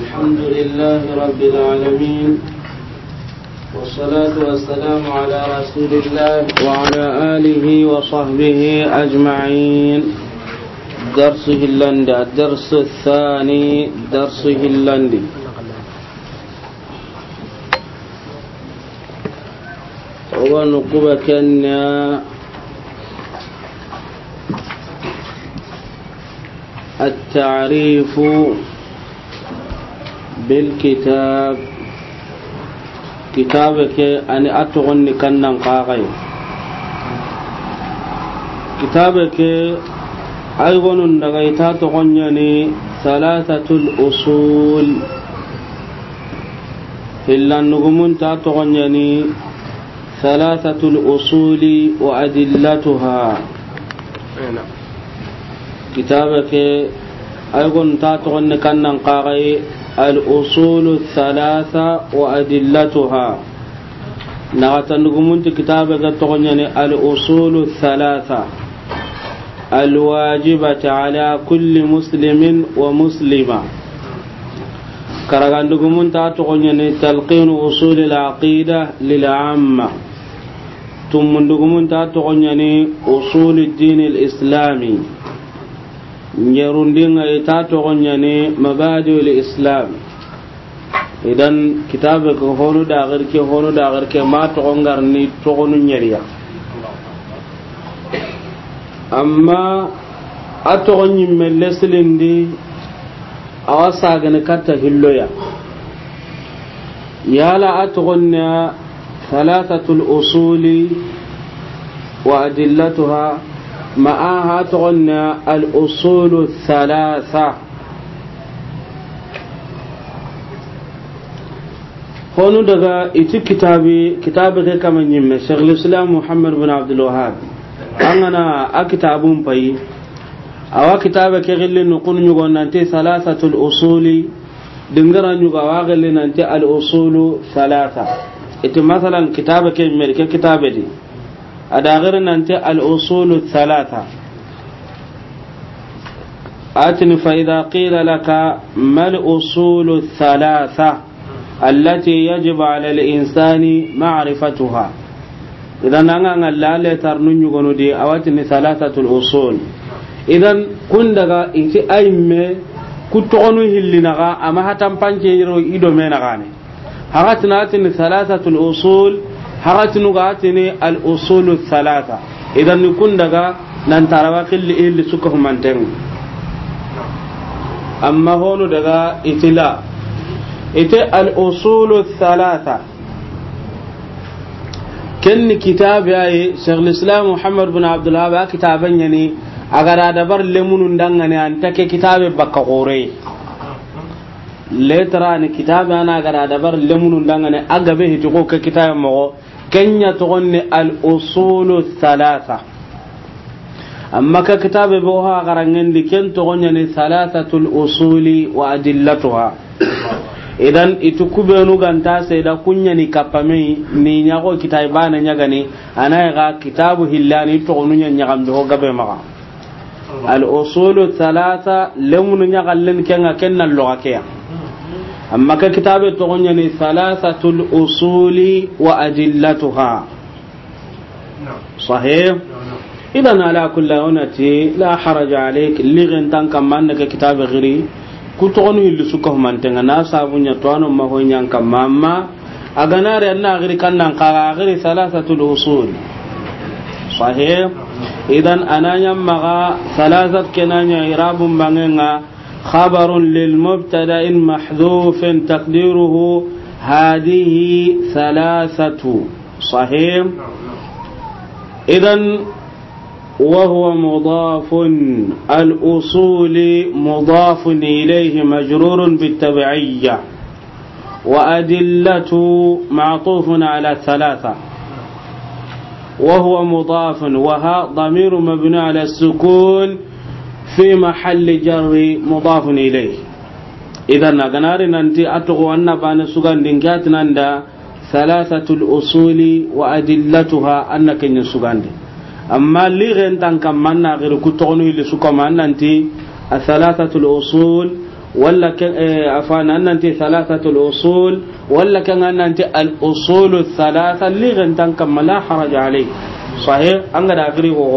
الحمد لله رب العالمين والصلاة والسلام على رسول الله وعلى آله وصحبه أجمعين درس هلندا الدرس الثاني درس هولندي ونقوب كنا التعريف بالكتاب كتابك أني أتغني كنا قاقي كتابك أيضا نغيتا تغنيني ثلاثة الأصول إلا النجمون تغنيني ثلاثة الأصول وأدلتها نعم. كتابك أيضا تغني كنا قاقي الأصول الثلاثة وأدلتها نغتنقمونت كتابة تغنيني الأصول الثلاثة الواجبة على كل مسلم ومسلمة كرغان كرغندقمونت تغنيني تلقين أصول العقيدة للعامة ثم ندقمونت تغنيني أصول الدين الإسلامي ngerundinga ita ne mabadiul islam idan kitabe ke honu da ke honu da ke ma toxongarni toxonu ñeriya amma a toxonñimme lesilindi awa sagani katta hilloya yala a toxonna thalathatul usuli wa adillatuha معها تغنى الأصول الثلاثة konu daga iti kitabi kitabi kai kamar yin mai shagul islam muhammad bin abdulwahab an gana a kitabun fayi a wa kitabe ke gillin nukun yugo nan te salasatul usuli dingara yugo wa gillin nan te al salasa iti masalan kitabe ke mai ke kitabe adagir nanti al-usulu thalatha faida fa idha qila laka mal usulu thalatha allati yajibu ala al-insani ma'rifatuha idan an an lalle tarnu nyugonu di awatini thalathatul usul idan kun daga iti aimme ku togonu hillinaga ama hatan panke yiro ido menagane hakatina atini thalathatul usul haratinu ga atini al usulu thalatha idan ni kun daga nan tarawa killi illi suka humanten amma honu daga itila ita al usulu thalatha kenni kitabe ayi shaykh islam muhammad bin abdul ba kitaban yani agara dabar lemunun dangane an take kitabe bakka qore letara ni kitabe ana agara dabar lemunun dangane agabe hiti ko ke kitabe kenya togonni alusulu usulu salasa amma ka kitabe bo ha garangen di ken togonya ni salasatul usuli wa adillatuha idan itu kubenu ganta sai da kunya ni kapame ni nyago kitai bana nyaga ni anaya ga kitabu hillani to onunya nyagam do gabe ma al usulu salasa lamun nyagallen kenga kenna logakeya amma ka kitabe to gonya ni salasatul usuli wa ajillatuha sahih idan ala kulli unati la haraja alayk lighan tan kamman ka kitabe giri ku to gonu hillu suka humantanga na sabunya to anon mahonyan kamma aganare anna giri kannan kaga giri salasatul usul sahih idan ananya maga salasat kenanya irabum bangenga خبر للمبتدا محذوف تقديره هذه ثلاثة صحيح إذا وهو مضاف الأصول مضاف إليه مجرور بالتبعية وأدلة معطوف على ثلاثة وهو مضاف وها ضمير مبني على السكون في محل جر مضاف إليه إذا نغنار ننتي أتغو أن بان سغان دنكات نندا ثلاثة الأصول وأدلتها أنك ينسغان دي أما لغن تنكم من غير كتغنو لسكم أن ننتي الثلاثة الأصول ولا أفان أن ننتي ثلاثة الأصول ولا كان أن ننتي الأصول الثلاثة لغن غنتن كما لا حرج عليه صحيح أنك غير هو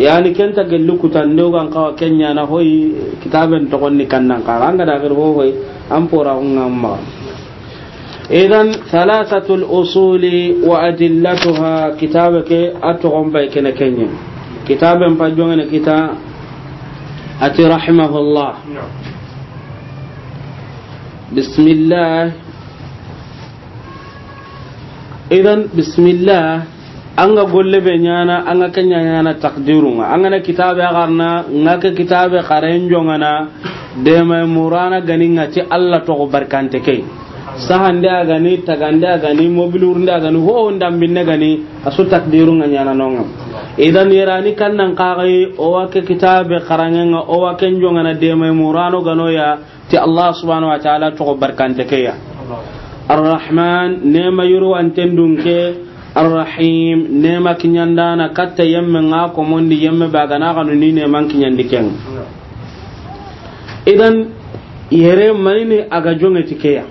yani kenta gelli kutande kan kawa kenya na hoyi kitaben to konni kannan ka anga da gar hoyi an pora ngamma idan thalathatu usuli wa adillatuha kitabake atqom bay kenya kitaben pa jongene kita ati rahimahullah bismillah idan bismillah anga golle be nyana anga na nyana takdirunga anga na kitabe garna ka kitabe karen jongana de mai murana nga ci Allah to barkante kai sahan da gani taganda gani mobilur da gani ho ndam binne gani asu takdirunga nyana nonga idan yarani kannan kagai o ka kitabe karanganga o ken jongana de mai murano gano ya ti Allah subhanahu wa ta'ala to barkante kai ya ar-rahman ne mayuru antendunke arrahim nema kinyandana katta yemme nga يم كنيان idan yere manini aga jonge tikeya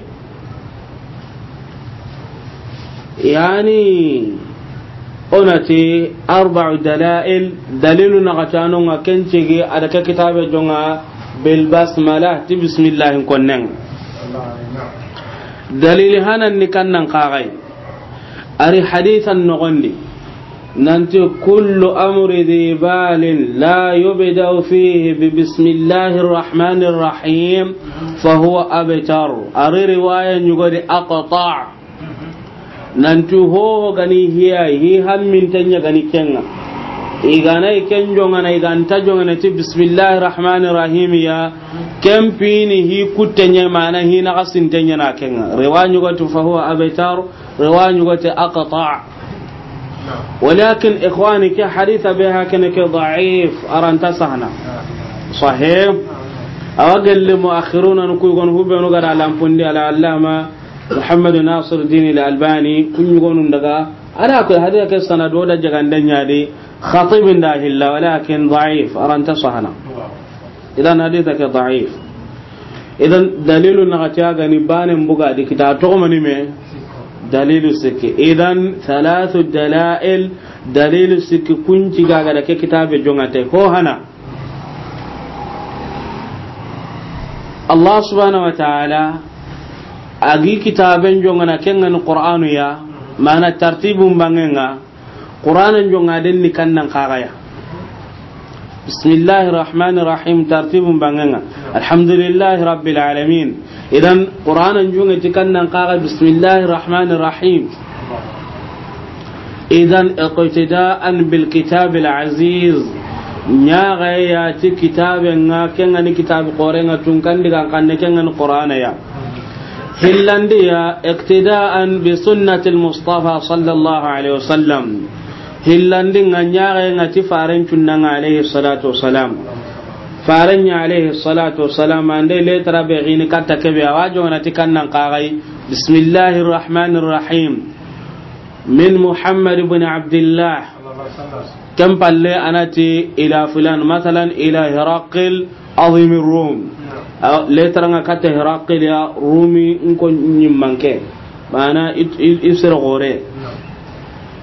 yani onati arba'u dalail dalilu na gatano adaka kitabe jonga bil ti konnen hanan ari hadisan nogondi nanti kullu amri dhi balin la yubda'u fihi bi bismillahir rahmanir rahim fa huwa abtar ari riwaya nyugodi aqta nanti ho gani hiya hi hammin tanya gani kenga igana ken jongana iganta jongana ti bismillahir rahmanir rahim ya kempini hi kutenye mana hi na kasintenya na kenga riwaya nyugodi fa huwa abtar riwayan yugote aqta walakin ikhwani ke haditha be hakene ke da'if aranta sahna sahih awagal muakhiruna nuku gon hubbe no gara lampundi ala allama muhammad nasir din al albani gonun daga ana ko hadiya ke sanado da walakin da'if aranta sahna idan ke da'if idan dalilun na banin buga dikita to mani me dalilu sikki idan thalathu dalail dalilu sikki kunci gaga da ke kitabe jongate ho hana Allah subhanahu wa ta'ala agi kitaben jongana kengan qur'anu ya mana tartibun bangenga qur'anan jongaden ni kannan kagaya بسم الله الرحمن الرحيم ترتيب بانغنا الحمد لله رب العالمين اذا قرانا جونغ تكنا قال بسم الله الرحمن الرحيم اذا اقتداء بالكتاب العزيز يا غيا كتاب نا كان ني كتاب قران تون كان دي كان كان قران يا هلنديا اقتداء بسنه المصطفى صلى الله عليه وسلم hillandi nga nyaare nga ti faran cunnanga alayhi salatu wassalam faran ya alayhi salatu wassalam ande le tarabe gini katta kebe awajo na ti kannan qagai bismillahir rahmanir rahim min muhammad ibn abdullah كم ila أنتي إلى فلان مثلا إلى هرقل عظيم الروم لترى كت هرقل يا رومي نكون نمانك أنا إسر غوري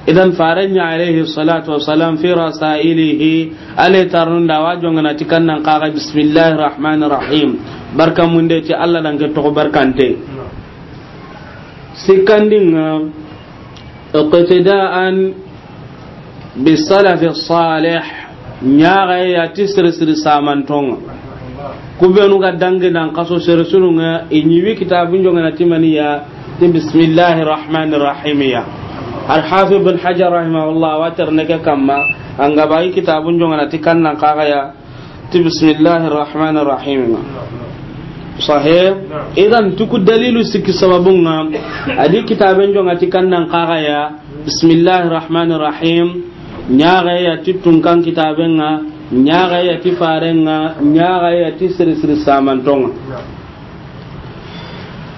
idan faranya alaihi salatu wa wassalam fi rasailihi ale tarun da wajo ngana tikan nan kaga bismillahir rahmanir rahim barkan mun da ce Allah dan ga to barkante sikandin iqtida'an bisalaf salih nyaga ya tisir sir Ku kubenu ga dangi nan kaso sir sununga inyiwi kitabun jongana timani ya bismillahir rahmanir rahim ya الحافظ بن حجر رحمه الله واتر نك كما ان غباي كتاب جون تكن قايا بسم الله الرحمن الرحيم صحيح نعم. اذا تكو دليل سك سببنا ادي كتاب جون تكن قايا بسم الله الرحمن الرحيم نياغي ya titun kan kitabenga nyaga ya tifarenga nyaga ya tisri sri samantonga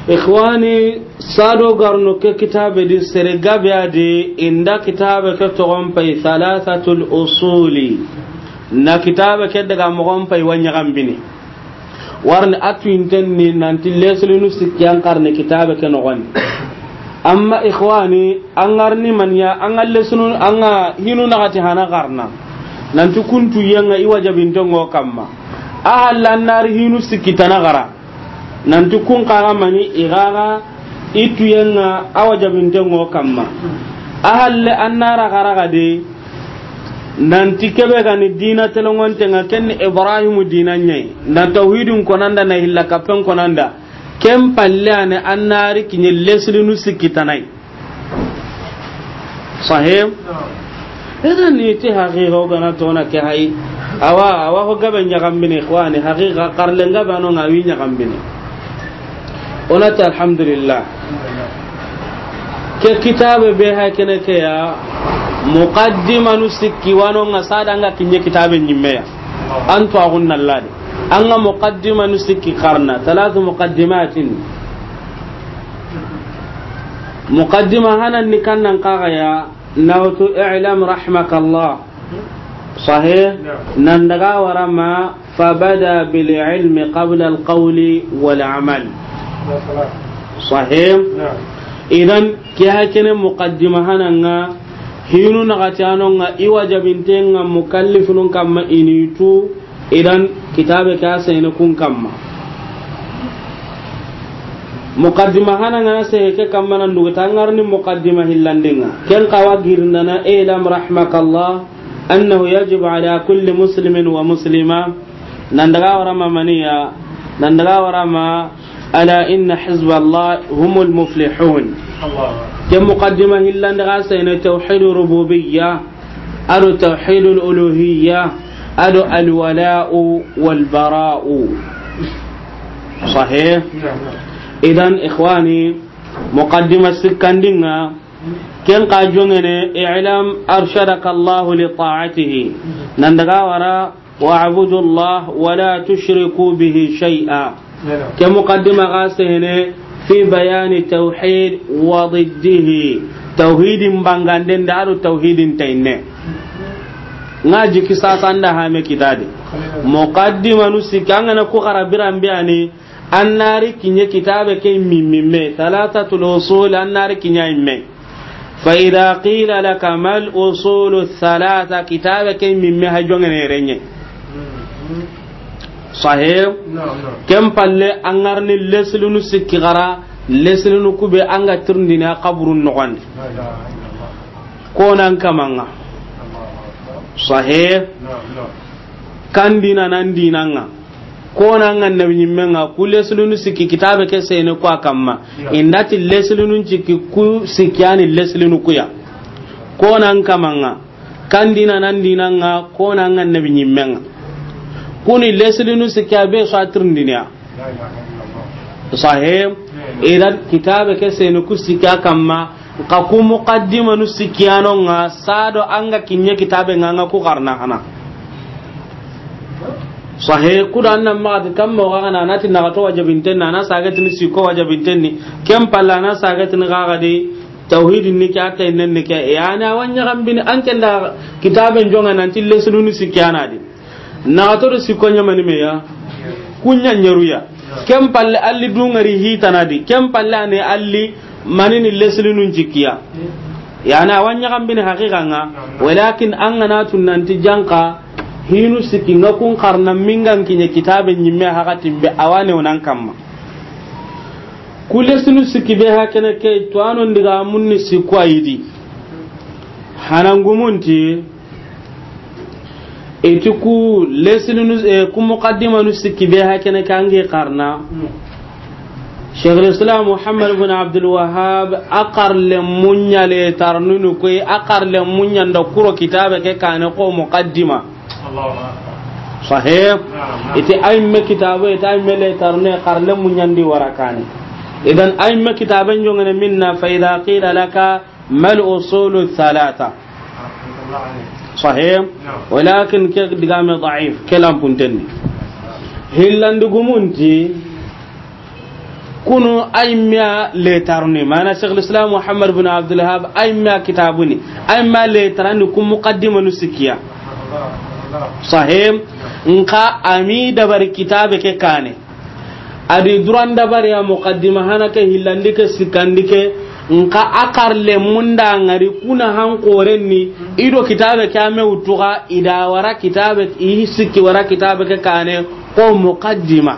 ikhwani sado garno ke kitabe di sere gabe ade inda kitabe ke to togon pai thalathatul usuli na kitabe ke daga mo mogon pai wanya gambini warne atu intenni nanti leslu nu sikyan karne kitabe ke no gon amma ikhwani an garni man ya an leslu an hinu na gati hana garna nanti kuntu yanga iwajabin tongo kamma ahalla nar hinu sikitana gara nanti kun kaga mani igaga ituyenga ah, awa ngo kamma ahalle annara garaga de nanti kebe gani dina telongontenga ken ibrahimu dina nyai na tauhidin konanda na hilla kapen konanda ken palle ane annari kinye leslinu sikkitanai sahim idan ni ti haqiqa na tona ke hayi awa awa ho gabe nyagambini ikhwani haqiqa karlenga bano ngawi nyagambini onati alhamdulillah ke kitabe be ha kene ke ya muqaddima nu sikki wano nga sada nga kinye kitabe nyimme ya antu agunna ladi anga muqaddima nu sikki qarna talatu muqaddimatin muqaddima hanan ni kannan kaga ya nawtu i'lam rahmakallah صحيح نندغا ورما qabla بالعلم قبل القول والعمل sahih idan ke hakene muqaddima hananga hinu nagati anonga iwajabintenga mukallifinun kamma initu idan kitabe ka sayne kun kamma muqaddima hananga seheke kamma nan duguta ngarni muqaddima hillandenga ken kawa girndana ilam rahmakallah annahu yajibu ala kulli muslimin wa muslima nan daga warama maniya nan daga warama ألا إن حزب الله هم المفلحون كم مقدمة إلا نغاسين توحيد الربوبية أدو توحيد الألوهية أدو الولاء والبراء صحيح إذا إخواني مقدمة سكندنا ken ka jongene i'lam arshadaka Allah li ta'atihi nan daga wara wa'budu Allah wa la tushriku bihi shay'a ke muqaddima ga sehene fi bayani tauhid wa diddihi tauhidin banganden da aro tauhidin tainne nga jiki sasanda hame kitade muqaddima nu sikanga na ku karabiran biani annari kinye kitabe ke mimmimme talatatul usul annari kinya imme fa idha qila laka mal usulu thalatha kitabe ke mimme hajonge ne renye mm-hmm. sahih kem palle angarni leslunu sikki gara leslunu kube anga tirndina qabrun nogondi konan kamanga sahih kandina nan dinanga kona nga nabi menga nga ku leslunu sikki kitabe ke sene ko akamma indati leslunu cikki ku sikyani leslunu kuya konan kamanga kandina nan dinanga konan nga nabi menga kuni leslinu sikya be so atrin diniya sahe idan kitabe ke seni ku sikya kamma ka ku muqaddima nu sikya no nga sado anga kinye kitabe nga nga ku karna hana sahe nan ma magati kamma wa kana natin na to wajibin tan na saga tin na ko wajibin tan ni kem palla na saga tin ga ga di tauhidin ni ka ta nan ni ka e yana wanya gambini an kan da kitaben jonga nan tille sununi sikyana di naxatoɗo sikko ya? kuña ñeruya ken palle alli dungari hitanadi ken palle ane alli manini leslinu jikkiya yani awa ñaxambini haqiqanga walakin an tunanti nanti janka hinu siki nga kun xarna mingan kiñe kitabe ñimme haxatimbe awa newnan kamma ku lesinu sikki be ha kene ke toanondiga munni sikku ayidi hanangumunti iti ku lesini nu eh, ku muqaddima nu sikki be hakene kange qarna شيخ الاسلام muhammad بن عبد الوهاب اقر aqar le munya اقر لمنيا ندكرو كتابك كان قو مقدمه صحيح ite ay me kitabe ite ay me letarne qarle munyandi warakani idan ay me kitabe jongane minna fa idha qila laka mal sahih walakin ke digame da'if kelam puntenni hillandigumunti kunu aymya letarni mana sheikh lislam muhammad bin abdulhab aymya kitabuni aymya letarani kun muqaddima nu sikkiya sahim nka ami dabari kitabe ke kane adi duran dabari ya muqaddima hana ke hillandi nka akar le munda ngari kuna han korenni ido kitabe kame utuga ida wara kitabe ihisiki wara kitabe ke kane ko muqaddima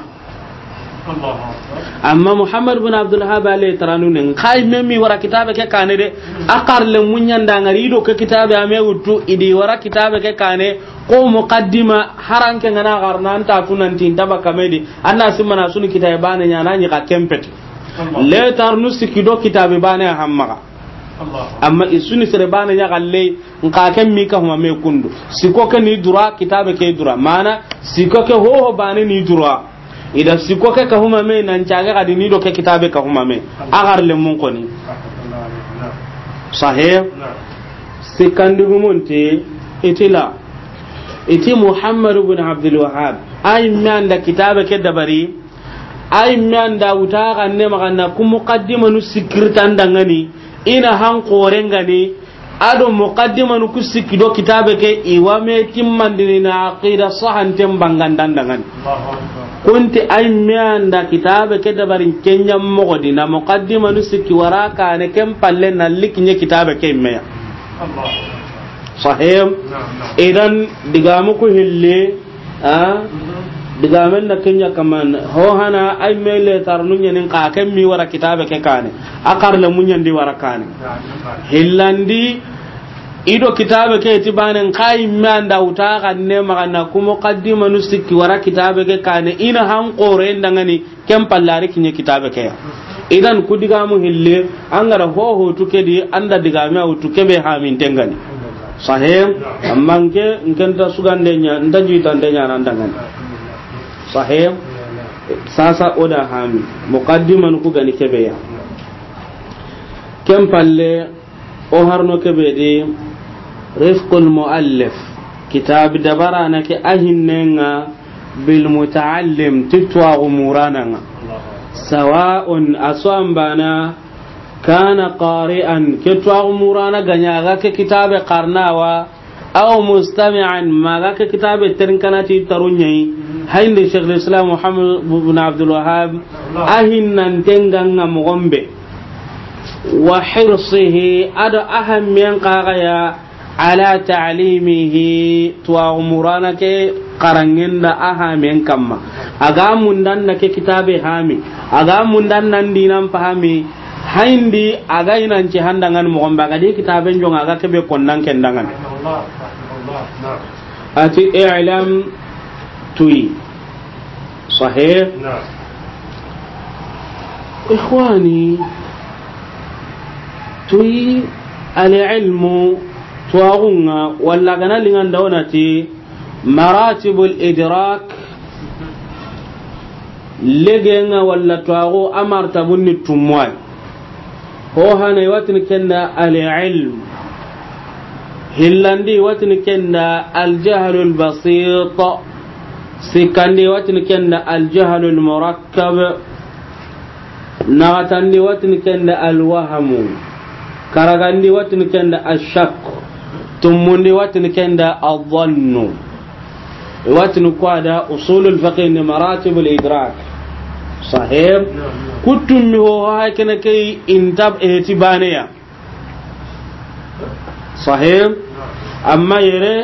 amma muhammad bin abdul hab alayhi taranu ne kai memi wara kitabe ke kane de akar le munyanda ngari ido ke kitabe ame utu idi wara kitabe ke kane ko muqaddima haranke ngana garna anta tunanti tabaka medi anna simana sunu kitabe bana nyana nyi ka kempeti letar nu do kitabe bane hammaga amma isuni sere bane ya galle nka ken mi ka huma me kundu siko ke ni dura kitabe ke dura mana siko ke ho ho bane ni dura ida siko ke ka huma me nan caga ga ni do ke kitabe ka huma me agar le mun koni sahih sikandugumunte itila iti muhammad ibn abdul wahhab ay man da kitabe ke dabari ay manda wuta kan ne na ku muqaddima nu sikirtan dangani ina han korenga ne ado muqaddima nu ku sikido kitabe ke iwa me timmandini na aqida sahan tem bangandan dangani kunti ay manda kitabe ke dabarin kenya mogodi na muqaddima nu sikki waraka ne kem palle na likinye kitabe ke meya sahim idan digamu ku hille ah. Mhm. diga men na kenya kaman ho hana ay mele nu nyen ka ken mi wara kitabe ke kane akar le nyen di wara kane hillandi ido kitabe ke tibanen kai man da uta kan ne magana kuma qaddima nusiki wara kitabe ke kane ina han qore ndangani kem pallare kinye kitabe ke idan ku diga mu hille an gara ho ho tuke di anda diga au tuke be ha min tengani sahem amman ke ngenta sugande nya ndanji ndenya nan dangani sahih sasa oda hami muqaddiman ku gani kebe ya kem palle o harno kebe de rifqul muallif kitab dabara na ke ahinnenga bil mutaallim titwa umurana sawa'un aswambana kana qari'an kitwa umurana ganya ga ke kitabe qarnawa aw mustami'an maga ke kitabe tarinkana ti tarunyai hayndi cheikh l'islam mohamad bn abdulwahab ahinnantenganga mogonɓe wa hirsihi aɗo ahammen kaxaya ala talimihi tuwaxumuranake karangenda ahamen kamma aga mundanna ke kitabe hami aga mundannan dinan pahami hayndi aga inanci handangan mogonɓe agadi kitabe jonga aga keɓe konnan kendangan ati ilam توي صحيح نعم إخواني توي العلم تواغونا ولا غنا لغان دونتي مراتب الإدراك legenga walla twago amarta bunni tumwai ho hana watin kenna al ilm hillandi watin kenna basit sikandi watin kenda aljahlu almurakkab nagatandi watin kenda alwahamu karagandi watin kenda ashak watin kenda adhannu watin kwada usulul fiqh ni maratibul idrak sahib kutum mi ho kai intab sahib amma yere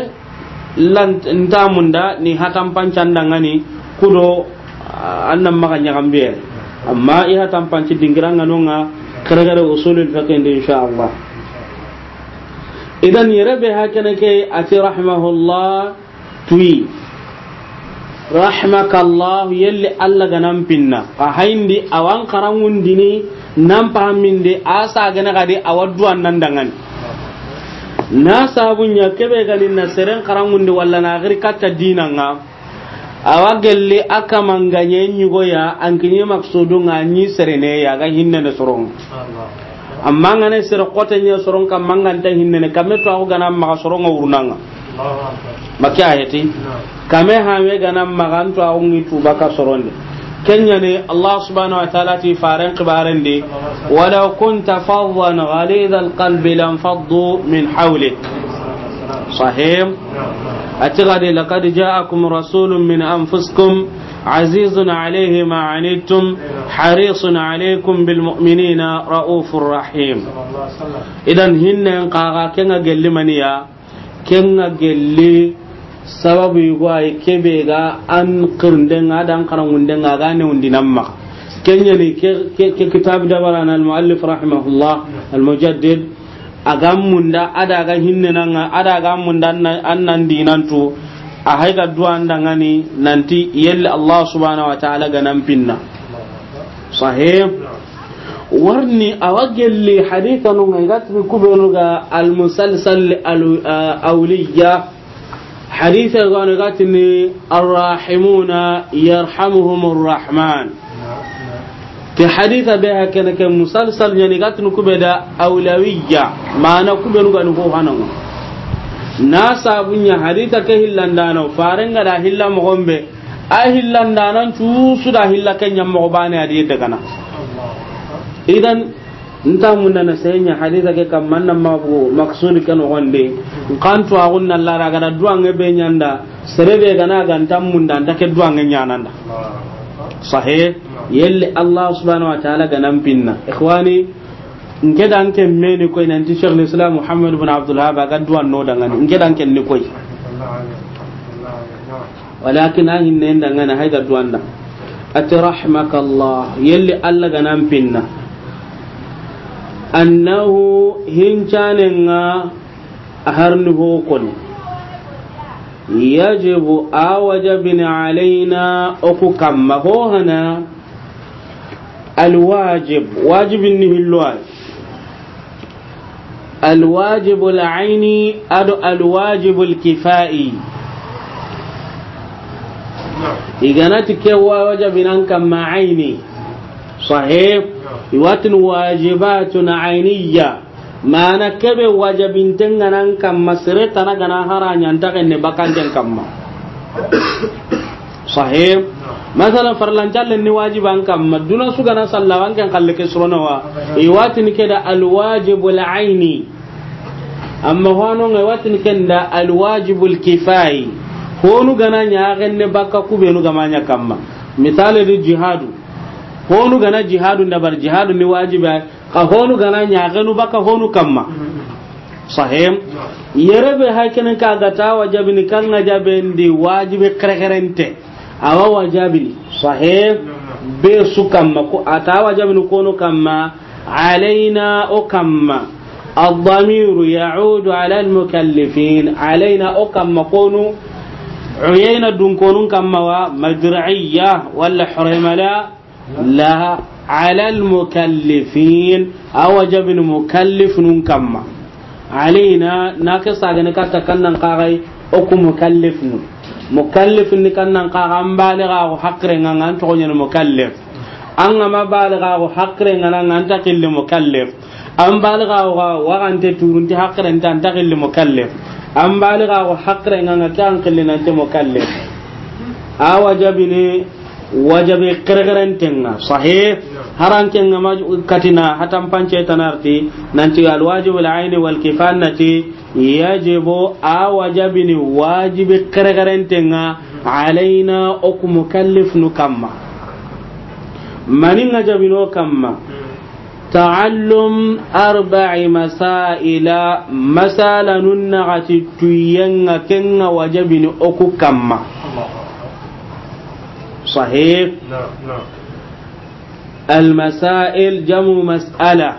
ntamunda ni hatampan candangani kudo ah, annan maka biyar e. amma i hatampanci dingiranganonga keregere usulul fiqinde inchallah idan yere be haka ke ati rahimahullah tuyi rahmakallah yalli allah ganan pinna a hayndi awan karangundini nan pahamminde a sagene kadi awa duwan nan dangani na sabunya kebe ganin na seren karangundi wala na agri kata dina nga awa gelle aka manganye nyugo ya ankinye maksudu nga nyi serene ya ga hinne ne sorong amma nga ne sere kote nye sorong kam mangan ta hinne ne kametu ako ganam maka sorong urunanga maki ayeti kame hawe ganam maka ntu ako ngitu baka soronde kenya ne allah subhanahu wa ta'ala ti faran kibaran de wala kunta fadhan ghalid alqalbi lam faddu min hawlik sahih atigadi laqad ja'akum rasulun min anfusikum عزيز عليه ما عنتم حريص عليكم بالمؤمنين رؤوف رحيم اذا هن قاغا كنا قال لمن يا كنا قال sababu yugo ay kebe ga an qirnden ga dan karangunden ga ga ne undinan ma kenya ne ke kitab da barana al muallif rahimahullah al mujaddid agam munda ada ga hinne nan ada ga munda nan dinan to a haiga duwan da ngani nanti yalla Allah subhanahu wa ta'ala ga nan pinna sahih warni awagelli hadithan ngai gatri kubenu ga al musalsal uh, al awliya حديث غانغاتني الراحمون يرحمهم الرحمن كحديث بها كان كمسلسل ينغاتن كبدا أولوية ما أنا كبدا نغانو هانو ناسا بنيا حديث كهلان دانو فارنغا دا هلا مغمبه أهلان دانان تشوسو دا هلا كن يمغباني هديه دغنا إذن nta munda na senya haditha ke kam manna mabu maksudi kan wonde kan to agun na lara gada duange be nyanda serebe gana ganta munda nda ke duange nyananda sahih yelle allah subhanahu wa ta'ala ganan pinna ikhwani nke dan ke meni koy nanti cheikh islam muhammad ibn abdul wahhab ga duan no dangani nke dan ke ni koy walakin hinne ne dangana haida duanda atrahmaka atirahmakallah yelle allah ganan pinna annahu a harni hokoni yajibu awajabin alaina uku kamma hana alwajib wajibin ni الواجب العيني أدو الواجب الكفائي إذا نتكي وجب أنك مع عيني صحيح iwatin wajibatun ainiya mana kebe wajabin ganan kamma sere tana gana bakan bakanten kamma sahih masalan farlancallen ni wajiban kamma duna sugana kan kalle ke wa iwatini keda alwajibul aini amma hononga iwatini kenda alwajibul kifai honu gana ñagenne bakka kubenu gamanya kamma misali di jihadu honu gana jihadu dabar jihadu ni wajibi ka honu gana nyagenu baka honu kamma sahim yerebe hakenin ka gata wajabini kan ga kare wajibi krekerente awa wajabini sahim be su kamma ko ata wajabini kono kamma alaina o kamma الضمير يعود على المكلفين علينا أكم مكونوا عيينا دون كونون كما مدرعية ولا حرملا لها على المكلفين أوجب المكلف نكما علينا ناقص أغنى كتكنا قاغي أكو مكلف مكلف نكنا قاغا مبالغا وحقر نغان تغني المكلف أنا ما بالغا وحقر نغان تقل مكلف أم بالغا وغان تتورن تحقر نغان تقل مكلف أم بالغا وحقر نغان تقل مكلف أوجب wajabe sahi haran harankenga ma katina hatan tanarti nanti alwajibu alaini walkifan nati yajibu a wajabini wajibe kergerentenga alaina oku mukallifnu kamma maninga jabino kamma تعلم أربع مسائل مسألة ننغة تيينغ كنغ وجبن أكو كما ala المسائل جمع مسألة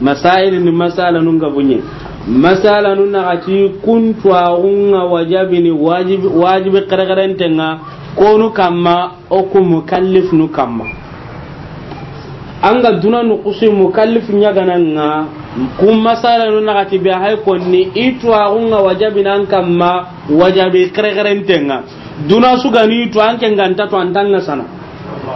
مسائل مسألة ننقبني مسألة ننقبني كنت وعن وجبني واجب واجب قرقرن تنغا كونو كما أو مكلف نكما anga duna nu kusi mukallif nya gananga kum masala nu nagati bi hay konni itwa unga wajabi nan kamma wajabi kregrentenga kere duna su gani to an ken ganta to an tanga sana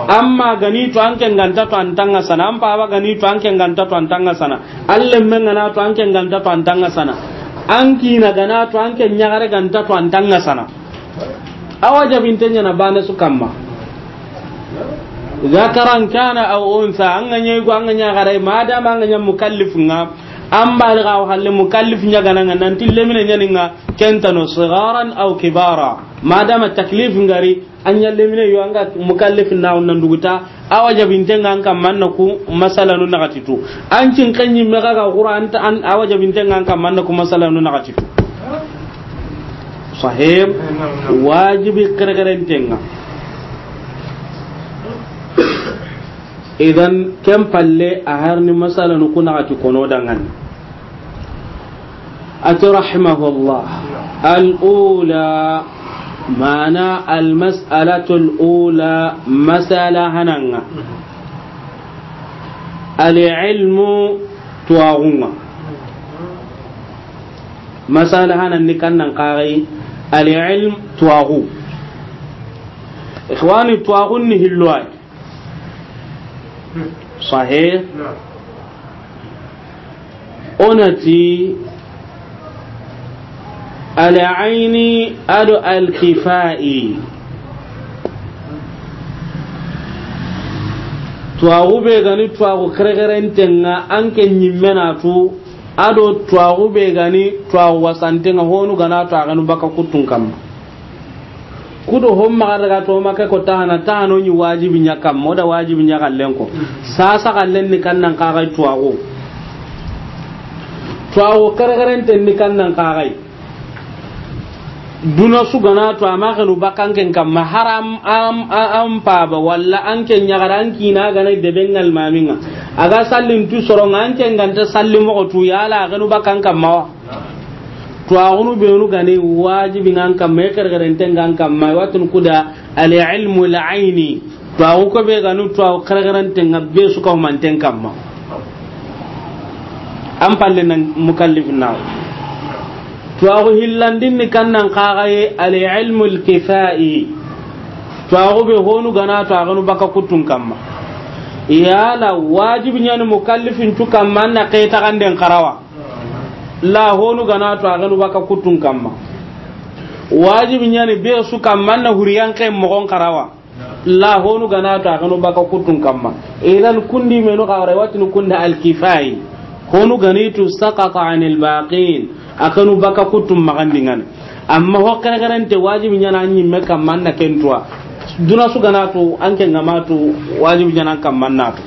amma gani to an ken ganta to an tanga sana an baba gani to an ken ganta to an tanga sana allah men gana to an ken ganta to an tanga sana an na gana to an ken nyagare ganta to an tanga sana awaja bintenya na bana su kamma zakaran kana au unsa an ganye ko an ganya gare ma da ma ganya mukallifun an bali ga halle mukallif nya ganan nga nan tille mine nya ninga kenta no sigaran aw kibara madama taklif ngari an ya lemine yo anga mukallif na on nan duguta awaja binte nga an manna ku masala no nakatitu an cin kanyi me ga qur'an ta an awaja binte nga an manna ku masala no nakatitu sahib wajibi kare kare tenga idan ken palle a harni masala nu kuna ati kono dangan ati rahimahullah al'ula mana almas'alatu al'ula masala hananga al'ilmu tuwagunga masala hanan ni kannan kagai al'ilm tuwagu ikhwani tuwagun ni hilluwai صحيح أنتي العين أدو الكفائي twaxu be gani twaxu kerekerentenga anke ñimmenatu ado twaxu be gani twaxu wasantenga honu gana twaxenu baka kuttun kamma kudo hom ma garaga to maka ko tahana tahano ni wajibi nyaka moda wajibi nya kallen ko sasa kallen ni kannan ka ga to ago kare ago karagaren ten ni kannan ka ga duna su gana to amma kanu bakan ken kam haram am am pa ba walla an ken nya garan kina gana de bengal maminga aga sallin tu soro an ken ganta sallin mo to yala kanu bakan kam ma tuwagunu benu gani wajibi ngan kamma ya karkarente ngan mai watun kuda to laini tuwagu kobe ganu tuwagu karkarente nga be suka humanten ma. an palle na mukallif naw tuwagu hillandinni kannan kagaye kifai to tuwagu be honu gana tuwagunu baka kuttun ma iyala wajibi ñani mukallifin tu kamma an na den karawa la honu gana to aganu waka kutun kamma wajibi nyani be su kamma na huriyan kai mogon karawa la honu gana to aganu baka kutun kamma idan kundi menu qara watin kunda al kifai honu ganitu saqata anil baqin akanu baka kutun magandingan amma ho garan te wajibi nyana nyi me kamma na kentwa duna su gana to an kenga to wajibi nyana kamma na to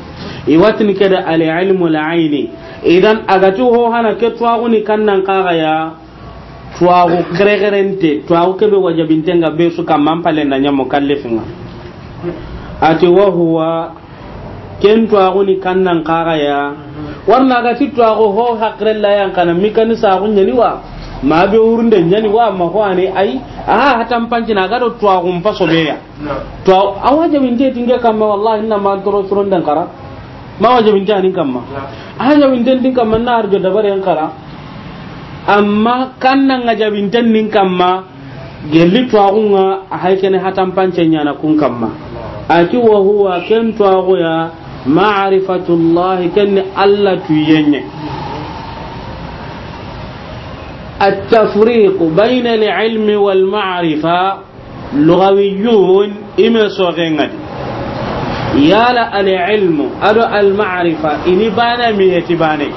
iwatin kada al ilmu al aini idan agati ho hana ke tuwaguni kannan kagaya tuwagu kerekerente tuwagu kebe nga be su kamman nyamu nya nga ati wa huwa ken tuwaguni kannan ya warna agati tuwagu ho ya kana mikani sagu nyani wa ma be urunde nyani wa ma ho ani ai aha hata panci na gado tuwagun mpaso beya tuwagu awajabinte tinge kamma wallahi inna ma toro kara ma wajibin ta nin kamma ajabin tan din kamma na arjo dabar yan kara amma kan kannan ajabin tan nin kamma gelli to agunga a ne hatan pancen yana kun kamma ki wa huwa ken to aguya ma'rifatullah ken Allah tuyenye التفريق بين العلم والمعرفة لغويون إما صغيرين yala al-ilmu ado al-ma'rifa ini bana mi heti bane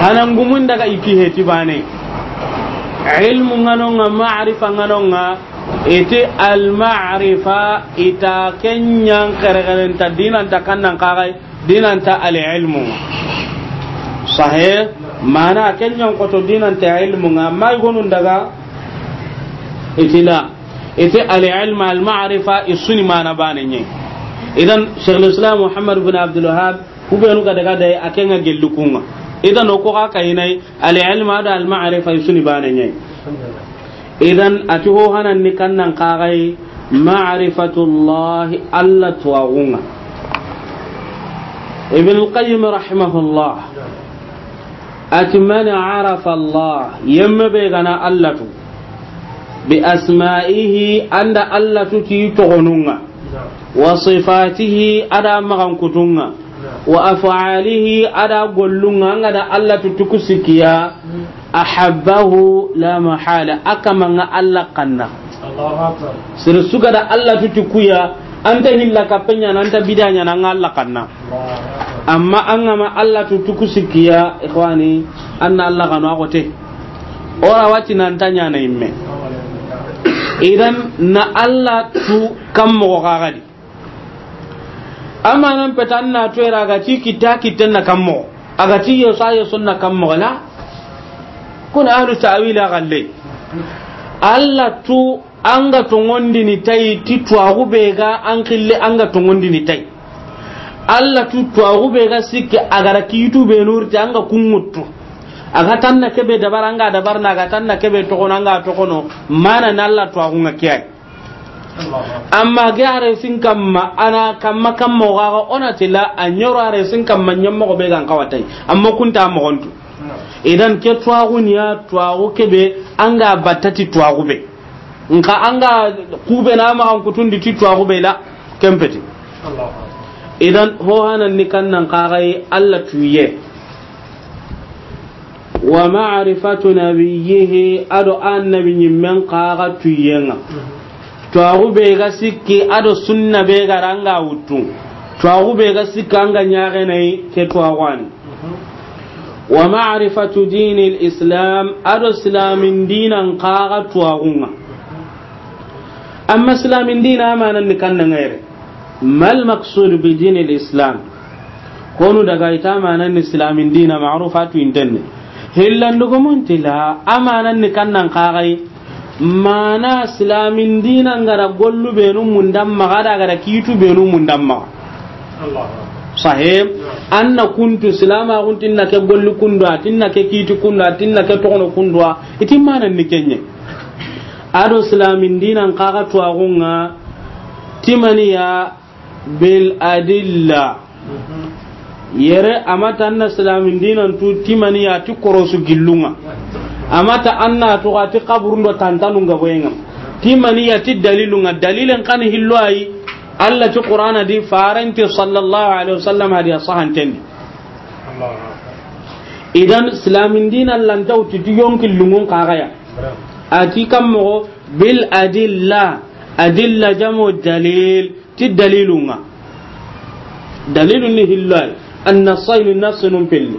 hanan gumun daga iki heti bane ilmu ngano nga ma'rifa iti al ita kenyang kerekeren dinanta kannan kakai dinan ta sahi mana kenyang koto dinan ilmu nga mai gonun daga itila iti al-ilma al-ma'rifa isuni mana bane nye idan shaykhul islam muhammad ibn abdul wahab ku be nu daga dai akenga gelu kunga idan ko ka kainai al ilma da al ma'rifa yusuni bana idan ati ho hanan ni kannan ka gai ma'rifatullah alla tuwagunga ibn al qayyim rahimahullah ati man arafa allah yamma be gana allatu bi asma'ihi anda allatu ti togonunga wa sifatihi ada magan kutunga wa af'alihi ada gollunga ngada Allah tutuku sikiya ahabbahu la mahala akama nga Allah kanna sir suga da Allah tutuku ya anta hilla kapenya anta bidanya na Allah kanna amma an gama Allah tutuku sikiya ikhwani anna Allah kanu akote ora wati nan tanya na imme idan na Allah tu kam mo amma nan peta an na tuwera aga ta ki kitta na kammo aga ci yau a sun na kammo la kun ahlu ta'wila galle Allah tu an ga tongondi ni tai ti tuwagu bai ga an kille an ga tongondi ni tai alla tu tuwagu bai ga sikke agara bai be ta an ga a aga tan na kebe dabar an ga dabar na aga tan na kebe togono an ga togono mana na Allah tuwagu ŋa kiyai amma ga aresin kamma ana kamma kamma gaga ona tila anyoro aresin kamma nyamma go be gan kawatai amma kunta mo gontu idan ke twagu niya twagu kebe anga batati twagu be nka anga kube na ma kutun di twagu be la kempeti idan ho hanan ni nan kagai Allah tuye wa ma'rifatu nabiyhi ado an nabiyyin men kaga tuyenga twaxu ɓe ga sikki ado sunna ɓe gara anga wuttu twaxu ɓe ga sikki anga ñaxenayi ke twaxuani wa marifatu dini lislam ado silamin dinan kaxa twaxunga amma silamin dina amananni kannangayre mal maqsud bi dini lislam konu daga ita amananni silamin dina maruf atu intenne hillandugumunti la amananni kannan kaxayi mana silamin dina ngara gollu benu mundam maga da gara kitu benu mundam damma. sahib anna kuntu silama kuntin na ke gollu kundu atin na ke kitu kundu atin na ke tokono kundu itin mana ni kenye ado silamin dina kaga to timani timaniya bil adilla mm-hmm. yere amata anna silamin dina tu timaniya ti korosu gillunga amata anna to ati qabrun do tantanu ga boyenga timani ya ti dalilu nga dalilen kan hilwai ayi alla ti qur'ana di faranti sallallahu alaihi wasallam hadiya sahan Allah idan islamin dinan lan tawti ti yonkin lungun kagaya ati kammo bil adilla adilla jamu dalil ti dalilunga dalilun ni hillo ayi an nasaynu nasunun pilli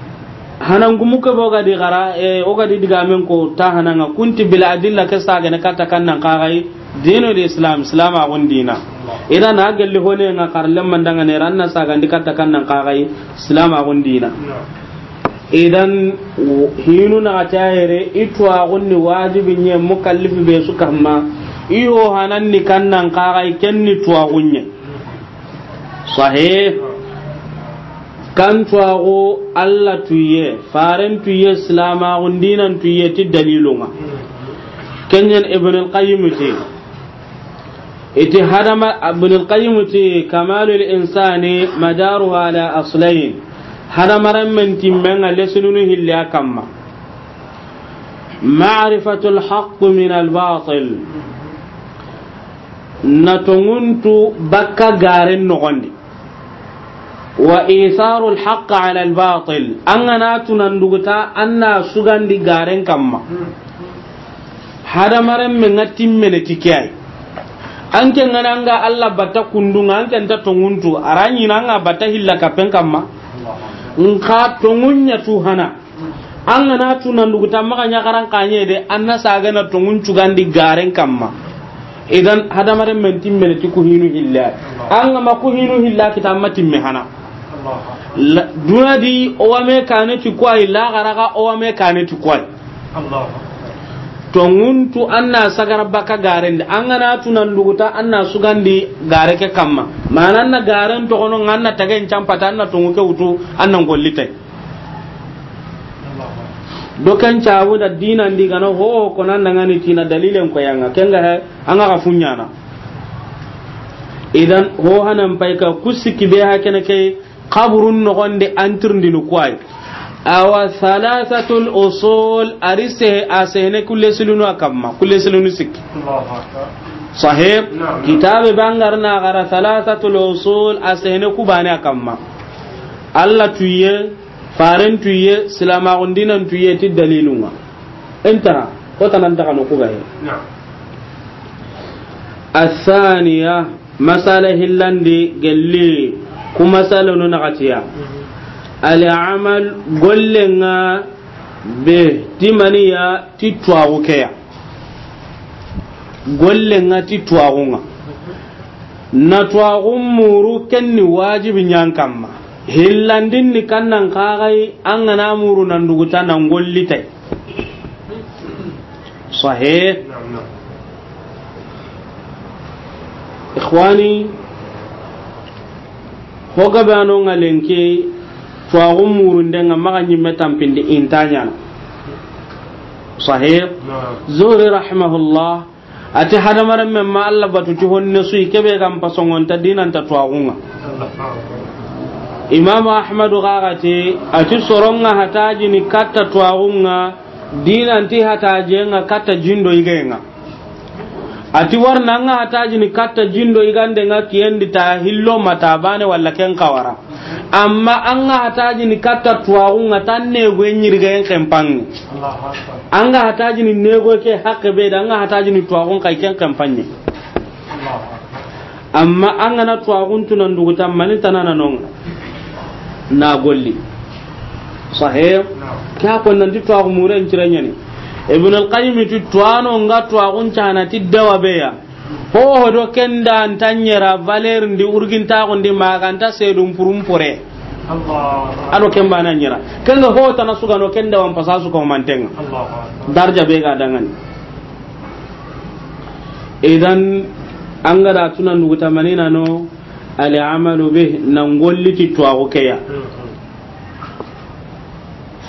hanan gumu ko boga di gara e oga di diga men ko ta hananga kunti bil adilla sa saga ne kata kannan kagai dino di islam islam a dina ina na galli hone nga man mandanga ne ranna saga ndi kata kannan kagai islam a dina. idan hinu na tayere itwa ni wajibi nye mukallifi be su kamma iyo hanan ni kannan kagai kenni tuwa gunye sahih kan tuwago allah tuye faren tuye silamagun dinan tuye ti dalilunga kenyan ibn al ti iti hadama ibn al-qayyim ti kamalul insani madaru ala aslain hadamaran man timmenga lesununu hilla kamma ma'rifatul haqq min al-batil na bakka garen nogondi wa isaru alhaqqa ala albatil an gana tunan duguta anna sugandi garen kamma hada min ngatin mene tikai an ke ngana alla Allah bata kundunga an ke ta tonguntu aranyi na nga bata hilla kapen kamma nka tongunya tuhana an gana tunan duguta maka nyakaran kanye de anna saga na tongun cugandi garen kamma idan hadamaren min timmene ti kuhinu hilla an gama kuhinu hilla kita amma timme hana owa me kane ti kwai owa me kane ti kwai to nguntu anna sagar baka an gana tunan duguta anna sugandi gare ke kamma manan na garen to anna ta tage champata anna tungu ke wutu anna ngollite dokan cawu da dinan di gana ho ko nan nan ni tina dalilen ko yanga kenga he an ga funyana idan ho hanan paika kusiki be ha kenake kaburun nogonde antirndinu kuway awa thalathatul usul ari sehe a sehene kulle silunu a kamma kulle silunu sikki sahib kitabe bangar na gara usul a sehene kubane a kamma tuye faren tuye tuye ti entara ko tanan kuma salonu katiya alamal gollenga be timaniya ti ya keya gollenga ti twaxunga na twaxun muru kenni wajibi ñan kamma hillandinni kan nan kagai an gana muru nan duguta nan gollitay sahih ikhwani ho gabe ano nga lenke tuwaxu murundenga maxa ñimme tampindi intanya sahih zuri rahimahullah ati hadamaren men ma allah batuti honne suyi keɓe ta pasongonta dinanta tuwaxunga imam ahmadu Gharati ati soronga hatajini katta tuwaxunga dinanti nga katta jindo yigenga ati warna nga hatajini katta jindo igande nga kiyendi ta hillo mata bane walla ken kawara amma anga nga hatajini katta tuwaru nga tan nego nyirga en kempangi an nga hatajini nego ke hakke be da an nga hatajini tuwaru kai ken kempangi amma an ga na tuwaru tuna ndugu tan mani tanana non na golli sahih ka ko nan di tuwaru muren cirenya ne ibn al-qayyim tu tuano nga tu agun chana ti dawa beya ho ho do kenda antanyera valer ndi urgin ta gon di maganta sedum purum pore Allah ado ken bana nyira kenga ho tana suga no kenda wan pasasu ko mantenga darja be ga dangan idan an ga tunan nuguta manina no al-amalu bih nan golliti tuago keya hmm.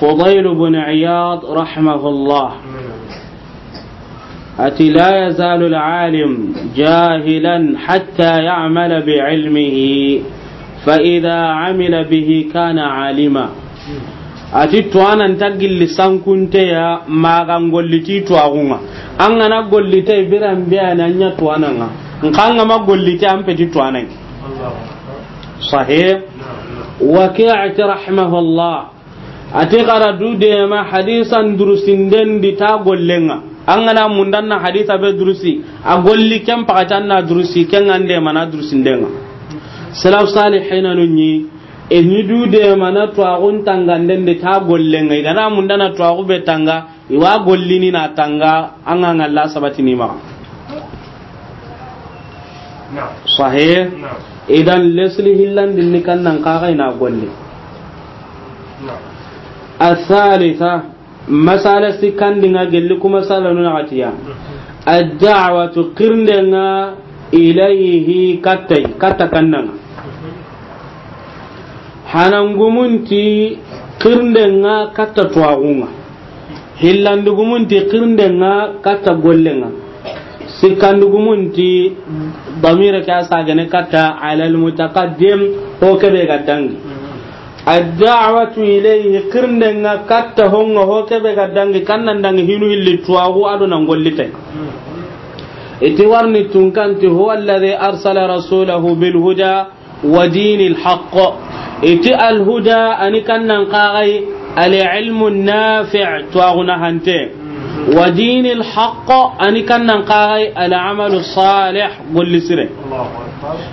فضيل بن عياض رحمه الله أتي لا يزال العالم جاهلا حتى يعمل بعلمه فإذا عمل به كان عالما أتي توانا تجي لسان كنتيا ما غان قلتي توانا أنا قلتي برام بيانا نتوانا نقانا ما قلتي أمبتي توانا صحيح نعم، نعم. وكيعت رحمه الله ati kara du dema hadisan durusinden di ta gollenga an gana mundan na hadisa be durusi a golli ken pakatan na durusi ken an dema na durusindenga salaf salihina nunyi enyi du dema na tanga tanganden di ta gollenga igana mundan na tuwagu be tanga iwa gollini na tanga an ga ngalla sabati ni ma sahih idan lesli hillan dinni kan nan kaga ina golli الثالثة مسألة سكندنا قل لكم مسألة نعتيا الدعوة قرننا إليه كتي كتكننا hanangumunti kirndenga katta twagunga hillandugumunti kirndenga katta gollenga sikkandugumunti damira ke asagene katta ala almutaqaddim ho kebe ga dangi addawatu ilayhi kirnenga katta honga hoke be gaddangi kannan dangi hinu hilli tuwagu aduna ngollite iti warni tunkanti huwa alladhi arsala rasulahu bil huda wa dinil haqq iti al huda ani kannan qaqai al ilmu nafi' tuwaguna hante wa dinil haqq ani kannan qaqai al amalu salih gollisire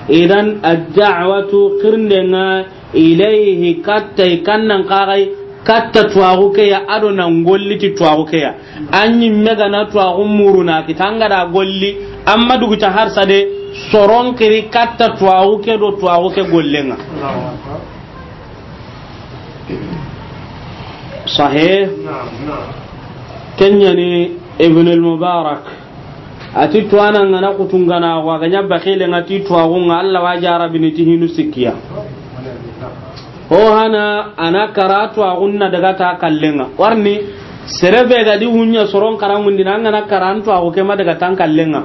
idan addawatu kirnenga ilaihi katta kannan qarai katta tuwaku ya ado ngolli ti tuwaku ke ya anyi mega na tuwaku muruna kitanga da golli amma duguta har sade soron kiri katta tuwaku ke do tuwaku ke gollenga sahih kenyani ibn al-mubarak ati tuwana ngana kutungana wa ganya bakhile ngati tuwaku nga Allah wa jarabini ti hinu sikiya ho hana ana karatu a unna daga ta kallenga warni serebe ga di hunya soron karan mun dinan ana karantu a ko ma daga tan kallenga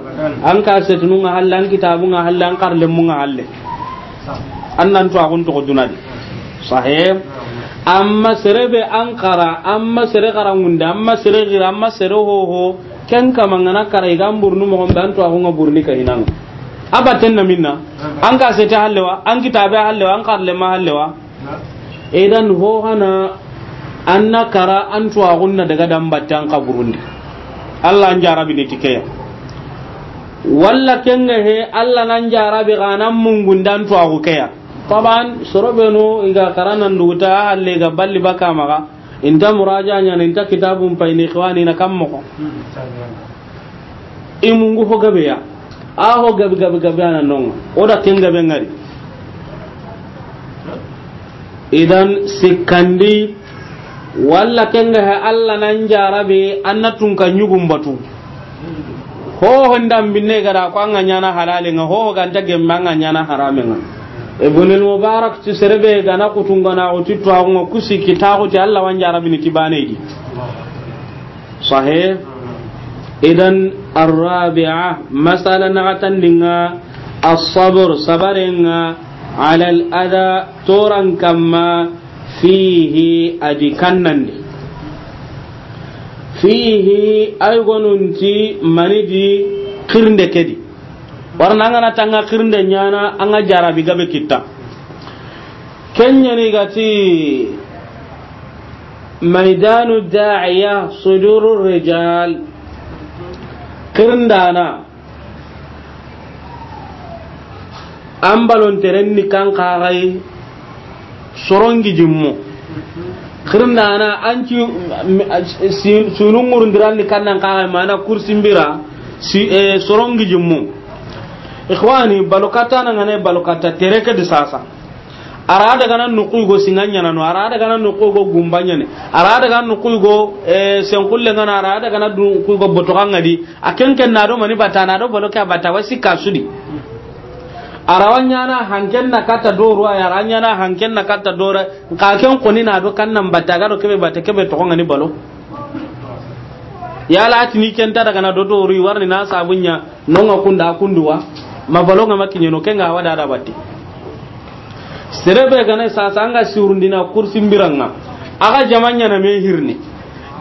an ka setunu nga hallan kitabun nga hallan karle mun nga halle annan to a gun to dunadi sahib amma serebe an kara amma sere mun da amma sere gira amma sere ho ho ken kama ngana kara igan burnu mo gombe an to a gunga burni ka hinan abaten na minna an ka ta hallewa an kitabe hallewa an karle ma hallewa idan ho hana anna kara an tuwa gunna daga dan battan burundi. Allah an jarabi ne ya. walla kenga he Allah nan jarabi ganan mungun gundan tuwa kukeya taban sorobe no iga karanan duta halle ga balli baka maga inta muraja nya inta kitabun fa ni ikhwani na kammo ko imungu ho gabe ya aho gabe gabe gabe anan non oda kenga bengari idan sikandi walla kenga he allah nan jarabe anna tunka ñugum batu hoho ndambinne gada ko anga ñana halalenga hoho ganta gemme anga ñana haramenga ibnul mubarak ti serebe gana kutunganaxuti twaxunga ku sikki taxuti allah wan jarabini kibaneydi sahe idan arrabia masala naxatandinga asabr sabarenga على الأذى تورا كما فيه أدكنني mani أيغننتي مندي kedi كدي warna ngana tanga kirnde nyana anga jarabi gabe kita kenya ni gati maidanu da'iya sudurur rijaal kirndana an ni kan kaxay sorongi jimmu xirnana anci ni kannan kaxay mana si e, sorongi jimmu ikhwani balokata ne balokata tereke di sasa ara daga nan nuku go singanya nan ara daga nan nuku go gumbanya ne ara daga nan nuku go e, senkulle ngana ara daga nan nuku go botokan ngadi akenken na do mani bata na do boloka bata wasi kasudi arawanya na hanken na kata doro ya aranya na hanken na kata doro ka ken koni na do kan nan bata garo kebe bata kebe to ani balo ya la ni ken ta daga na do doro warni na sabunya ga kunda kunduwa mabalonga makinyo no ga wada da batti serebe sa sasa anga siurundina kursi mbiranga aga jamanya na mehirni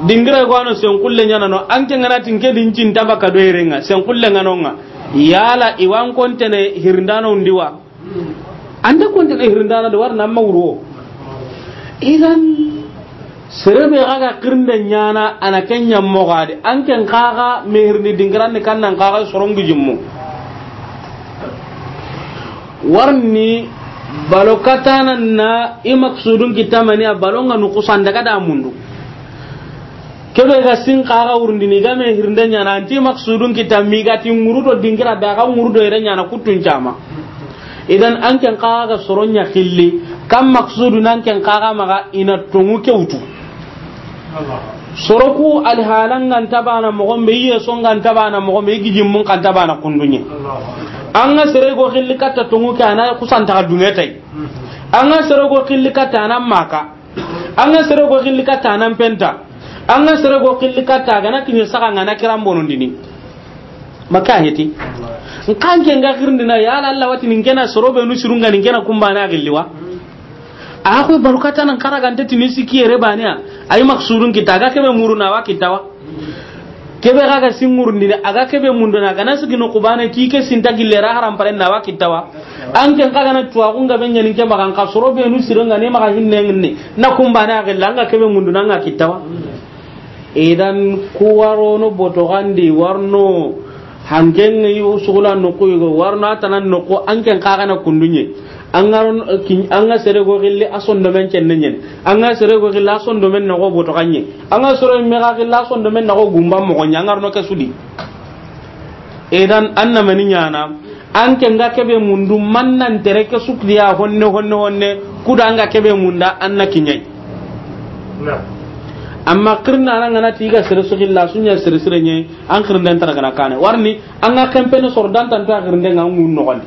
dingira gwano sen kullenya nyana no anke ngana tinke dincin tabaka do irenga sen kullenga ngana yala iwan kontene hirndano ndiwa anda kontene hirndano de warna amma wuro idan serebe gaga kirnde nyana ana kenya mogade anken kaga mehirni dingran ne kannan kaga sorongi jimmu warni balo na imaksudun kitamani a balonga nukusan daga da mundu kebe ga sin kaga urundini game hirnde nyana anti maksudun kita migati ngurudo dingira daga ngurudo nya nyana kutun chama idan an kan kaga soronya khilli kam maksudun an kan kaga maga ina ke utu soroku alhalan nan tabana mo be yiye so kan tabana mogon be gijim mun kan tabana kundunye an ga sere go khilli katta tongu kana kusanta tai an ga sere go khilli katta nan maka an ga sere go khilli katta nan penta an ga sere go qilli ta ga na kin saka ga na kiran bonon dini maka heti kan ke ga girin dina ya Allah wati nin gena be nu shirunga nin gena kumba na gilliwa a ko barkata nan karaga ndati ni siki re baniya ay maksurun kita ga muru muruna wa tawa kebe ga singurun dini aga kebe mundona ga nasu gino kubana ki ke sinta gille ra haram pare na wa ki tawa. an ken ga na tuwa kun ga benya nin ke kan ka be nu shirunga ne maka hinne ne na kumba na gilla anga kebe munduna nga tawa. idan ku warono botogandi warno hanken yi sugula nuku yi warno atanan nuku an ken kakana kundunye an ga sere go gilli ason do men ken nyen an ga sere go gilli ason do men nago botoganye an ga sere me ga gilli ason do men nago gumba mo gonya an garno kasudi idan anna mani nyana an ken ga kebe mundu nan tere ke sukliya honne honne honne kuda an ga kebe munda anna kinyai na'am amma kirna nan ngana tiga sere so hilla sunya sere sere nye an kirna dan tara kana kana warni an ga kampene sor dan tan ta kirna ngan mun no gandi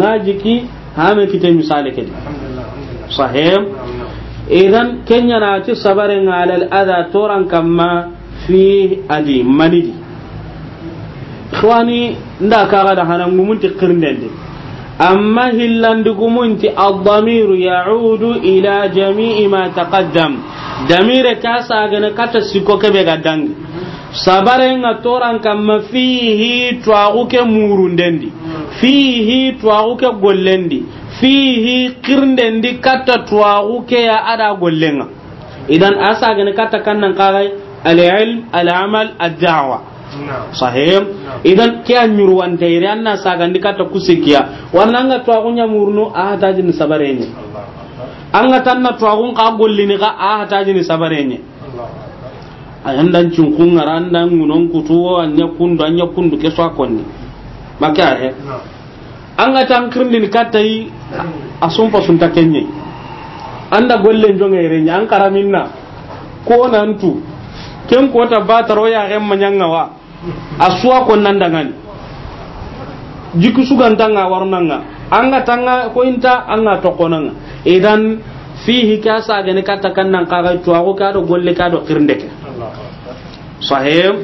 na jiki ha me kite misale ke sahem idan kenya na ci sabare ngalal adha toran kamma fi adi manidi khwani nda ga da hanan mun ti kirndende amma hillandigumunti addamiru yaudu ila jami'i ma taqaddam damire ka sagana kata sikko kebe ga dangi sabarenga toran fihi twaku murundendi fihi twaku gollendi fihi kirndendi kata twaku ya ada gollenga idan asa kata kannan kagai al-ilm al-amal ad sahim idan ke an nyuru wanta ire anna sagandi kata kusikiya ga tuwa gunya murnu a ni sabarenye ga tanna tuwa gun ka gollini ka a tajin sabarenye ayandan cinkun an dan ngunon kutu anya kundu anya kundu ke swakonni makya he anga tankirndin katai asumpa sunta kenye anda golle njonga irenye an karaminna ko nan tu ken kota bataro ya gemma nyangawa asuwa konnan dangani jiku sugantanga warnanga anga tanga kointa anga tokonanga idan fihi ka sagani katta ka kaga ka kado golle kirnde ke sahib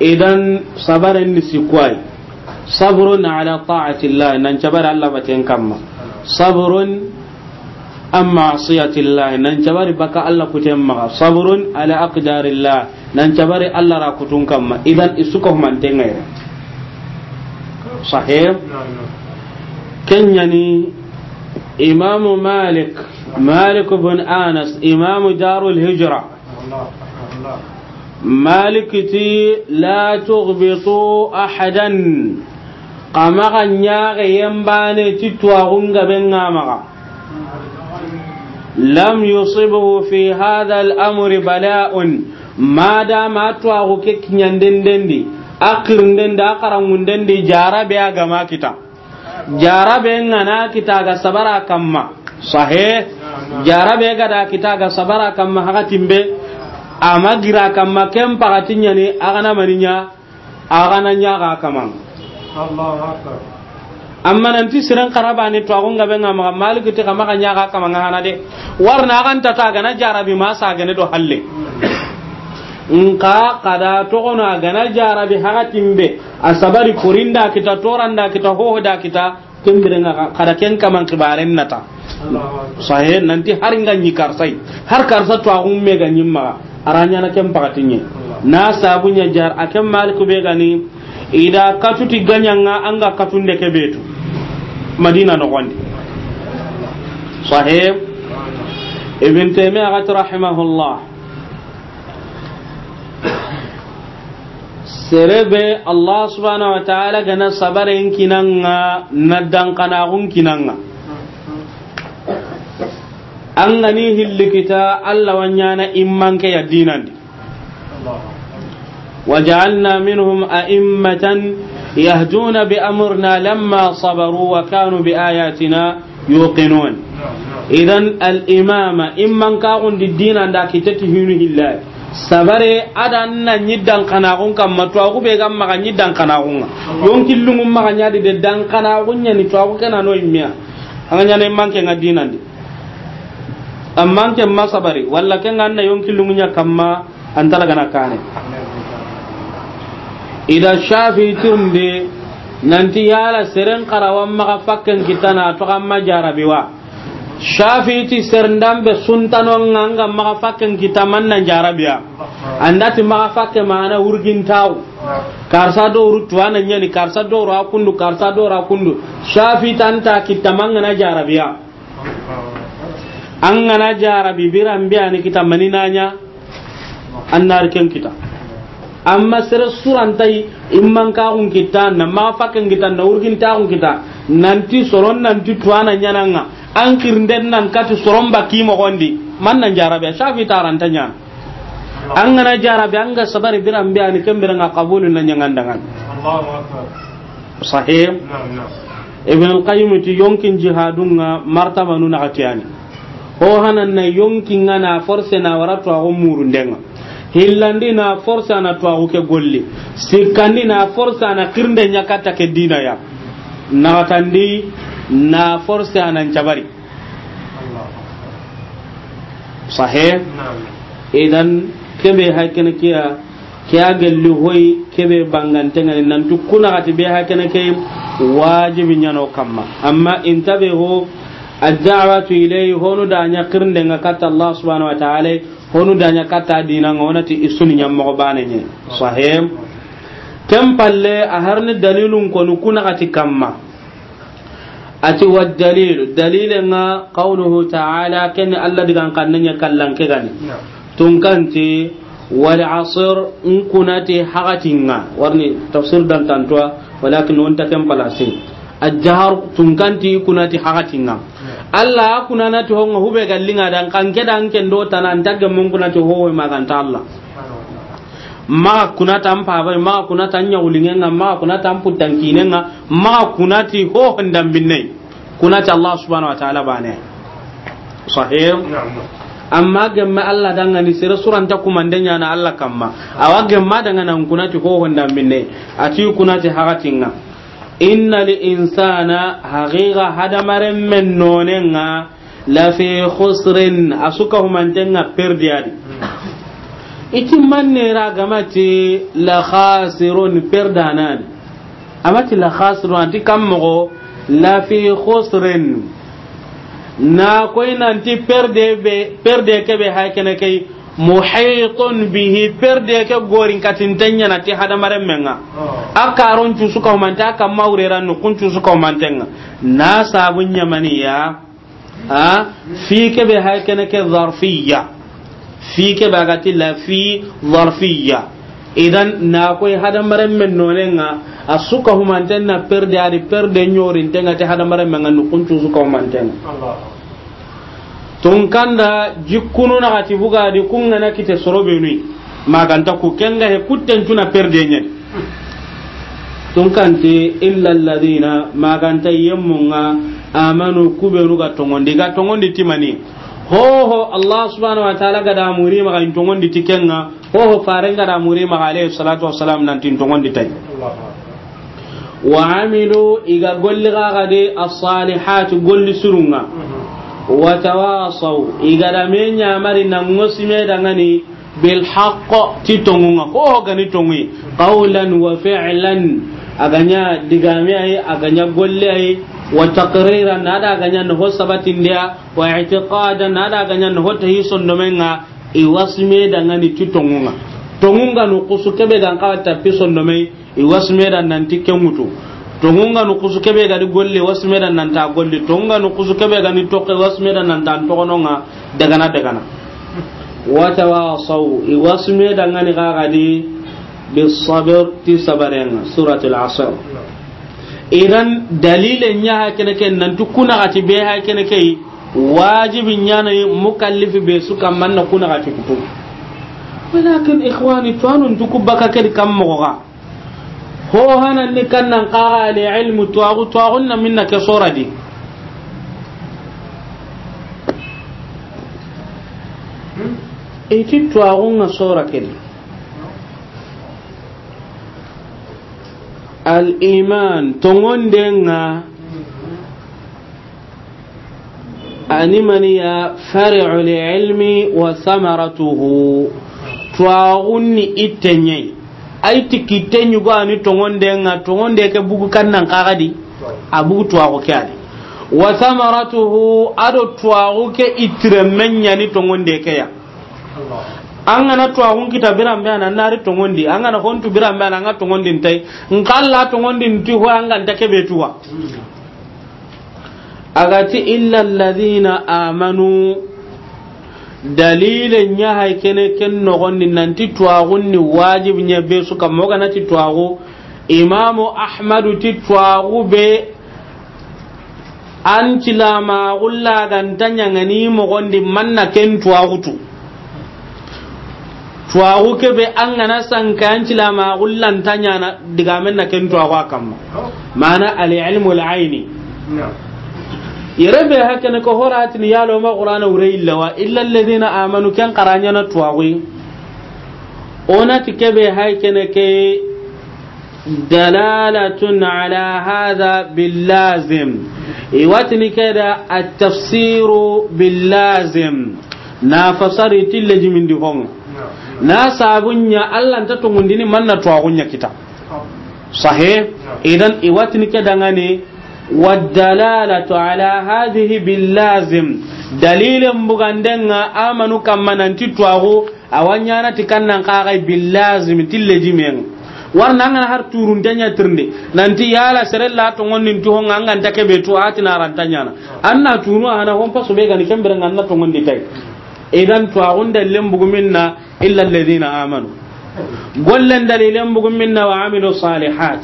idan sabaran ni sikwai sabrun ala ta'ati llah nan jabar allah baten kamma sabrun an ma'asiyatillah nan cabari baka Allah kuten maka sabrun ala aqdarillah nan cabari Allah ra kutun ma idan isuka humanten ngai sahih kenyani imamu malik malik ibn anas imamu darul hijra malikiti la tughbitu ahadan qamaga nyaage yembane titwa gunga ben ngamaga lam yusibhu fi hadha al-amri bala'un ma da ma to ago ke kinyanden dendi akirn dendi akarangun dendi jarabe aga ma kita jarabe ngana kita ga sabara kamma sahe jarabe ga da kita ga sabara kamma haga timbe amma gira kamma kem pagatinya ni agana maninya agana nya ga kamang Allahu akbar amma nanti siran karabani to agon gabe ngama malik gitu, te kama kanya ka kama ngana de warna kan tata gana jarabi ma sa gane do halle ka kada to ona gana jarabi haga timbe asabari kurinda kita toranda kita hohoda kita kembere nga kada ken kama kibaren nata sahe nanti har ngan nyikar sai har karsa to agon me ga nyimma aranya na kem pakatinye na sabunya jar akem malik be gani ida katuti ganyanga anga katunde kebetu madina nogondi sahib ibn taymiya gat rahimahullah serebe allah subhanahu wa ta'ala gana sabaren kinanga na dankanagun kinanga an gani hillikita allah wanyana immanke ya dinandi وجعلنا منهم أئمة يهدون بأمرنا لما صبروا وكانوا بآياتنا يوقنون إذا الإمامة إما كاغن الدين عند كتته الله sabare ada na nyiddan kana gon kam matu aku be gam maka de dan kana gon nyani to aku kana no immiya anganya ne manke ngadina ke walla ke nganna yon killungunya kamma antara gana kane ida shafi tunde nanti yala seren karawan maka fakken kita na to kan majarabi wa shafi ti serndam be suntanon nganga maka fakken kita man nan jarabiya andati maka fakke mana urgin taw karsa do rutuwa nan yani karsa do ra kundu karsa do ra kundu shafi tanta kita man na jarabiya an ngana jarabi biran biya ni kita maninanya annar ken kita amma sere surantai imman kaxun kita na maxa kita na urgin taxun kita nanti soron nanti tuana nyananga an kirnden nan kati soron bakki gondi man nan jarabe shafi taranta ñana an gana jarabe an ga sabari biran be nan nyangan dangan Allahu akbar sahih ibn al-qayyim ti yonkin jihadunga martaba nu katiani, ho hanan na yonkinga na force na waratuwa xo hillandi na forsa na tuwaku ke golli sikkandi na forsa na kirnde nyakata ke dina ya na watandi na forsa na ncabari sahe idan kebe hakene kiya ke a gelli hoyi kebe nan tukuna kunagati be hakene ke wajibi ñano kamma amma intabe ho الدعوة إليه هون دانيا قرن لنك الله سبحانه وتعالى honu danya kata dina ngona ti isuni nyam mo bane nye sahem tempalle a harni dalilun konu kuna kati kamma ati wa dalil dalil nga qawluhu ta'ala ken allah digan kannenya kallan ke gani tun kanti wal asr in kunati hagatinga warni tafsir dan tantwa walakin wonta kan palasi ajhar tun kanti kunati hagatinga Allah alla kunana to hongo hube gallinga dan kanke dan ken do tanan tagga mun kuna to howe maganta Allah ma kuna tan bai ma kuna tan na ma kuna tan na ma kuna ti ho handam binne kuna ta Allah subhanahu wa ta'ala bane sahih amma gemma Allah danga ni sira suran ta kuma ndenya na Allah kamma awa gemma danga nan kuna ti ho handam binne ati kuna ti hagatinga inna li insana haqiqa hadamaren men nonenga lafi khusrin asuka humantenga perdiadi hmm. iti mannera gamati la khasirun perdanani amati la khasirun anti kammogo lafi khusrin na koy nanti perde be perde kebe hakene kay muhaytun bihi perde ke gorin tanya na ti hadamaren menga oh. ron cu suka manta kan maureran nu kun cu suka mantenga na sabun yamaniya a fi ke be haykene ke zarfiyya fi ke ba gati la fi zarfiyya idan na hada hadamaren men nonenga a suka na perde ari perde nyorin tanga ti hadamaren menga nu kun cu suka mantenga Allah tun kanda jikunu na hati buga di kun gana kite soro benui maganta ku kenga he kutten tuna perde nye tun kante illa alladina maganta yemmunga amanu kubenu ga tongondi ga tongondi timani hoho allah subhanahu wa ta'ala ga da muri ma kan tongondi tikenga hoho faren ga da muri ma alayhi salatu wassalam nan tin tongondi tai wa amilu iga golli ga ga de as-salihat golli surunga watawasaw igada me ñamari nango sime dangani bilhaqo ti tongunga ko hogani tongui qawlan wa filan aganya digame ay aganya golle ay wa taqriran nada aganya no ho sabatin dia wa i'tiqadan nada aganya no hoto hi sondo menga i wasme dangani ti tongunga tongunga no kusukebe dan kawata pi sondo mai i wasme dan nanti kemutu to hunga nu kusu kebe ga di golle wasu medan nan ta golle to hunga nu kusu kebe ga ni tokke wasu medan nan ta tokono nga daga na daga na wata wa sau i wasu medan ngani ga ga di bi sabr ti sabaren suratul asr idan dalilin ha kene ken nan tukuna ga ti be kene kai wajibin nya ne mukallifi be su kan manna kuna ga tukutu walakin ikhwani tuanun tukubba ka kedi kam mogoga ho hanan ni kan kannan qara ali ilmu tuagu tuagun na minna ke soradi hmm? iti tuagun na sora ken al iman tongondenga ani maniya fari'u li ilmi wa samaratuhu tuagun ni itenyai ay tikki tenyugo ani tongonde nga tongonde ke bugu kan ka kagadi a bugu tuwago ke ani wa samaratuhu ado tuwago ke itire menyani togonde ke ya an gana tuwagun kita bira bɛ na nari togondi an gana hontu bira bɛ na an ka tongondi tai nkalla tongondi ti ho an ganta kebe tuwa hmm. agati illa ladina amanu dalile nya hay kene ken no gonni nanti tuagu ni wajib nya be su kam moga nati tuagu imam ahmad ti tuagu be an tila ma gulla dan tanya ngani mo gonni manna ken tuagu tu tuagu ke be an ngana san kan tila ma gulla tanya na diga menna ken tuagu akam mana al ilmu al aini no. irebe hakene ko horati ni yalo ma qur'ana wure illa wa illa alladhina amanu kan qaranya na tuwawi ona tikebe hakene ke dalalatun ala hadha bil lazim iwatni kada at tafsiru bil lazim na fasari tilaji min di hon na sabunya allah ta tungundini manna tuwawi nya kita sahih idan iwatni kada ngani والدلالة على هذه باللازم دليل بغندنا آمنوا كما ننتتوه أوانيانا تكنا قاغي باللازم تلجمين warna ngana har turun tanya tirnde nanti yala serella to ngon nin to nganga ndake be to atina rantanya na anna tunu ana hon paso be gani kembere nganna to ngondi tay idan to agunda bugu minna illa alladhina amanu gollen dalilen bugu minna wa amilu salihat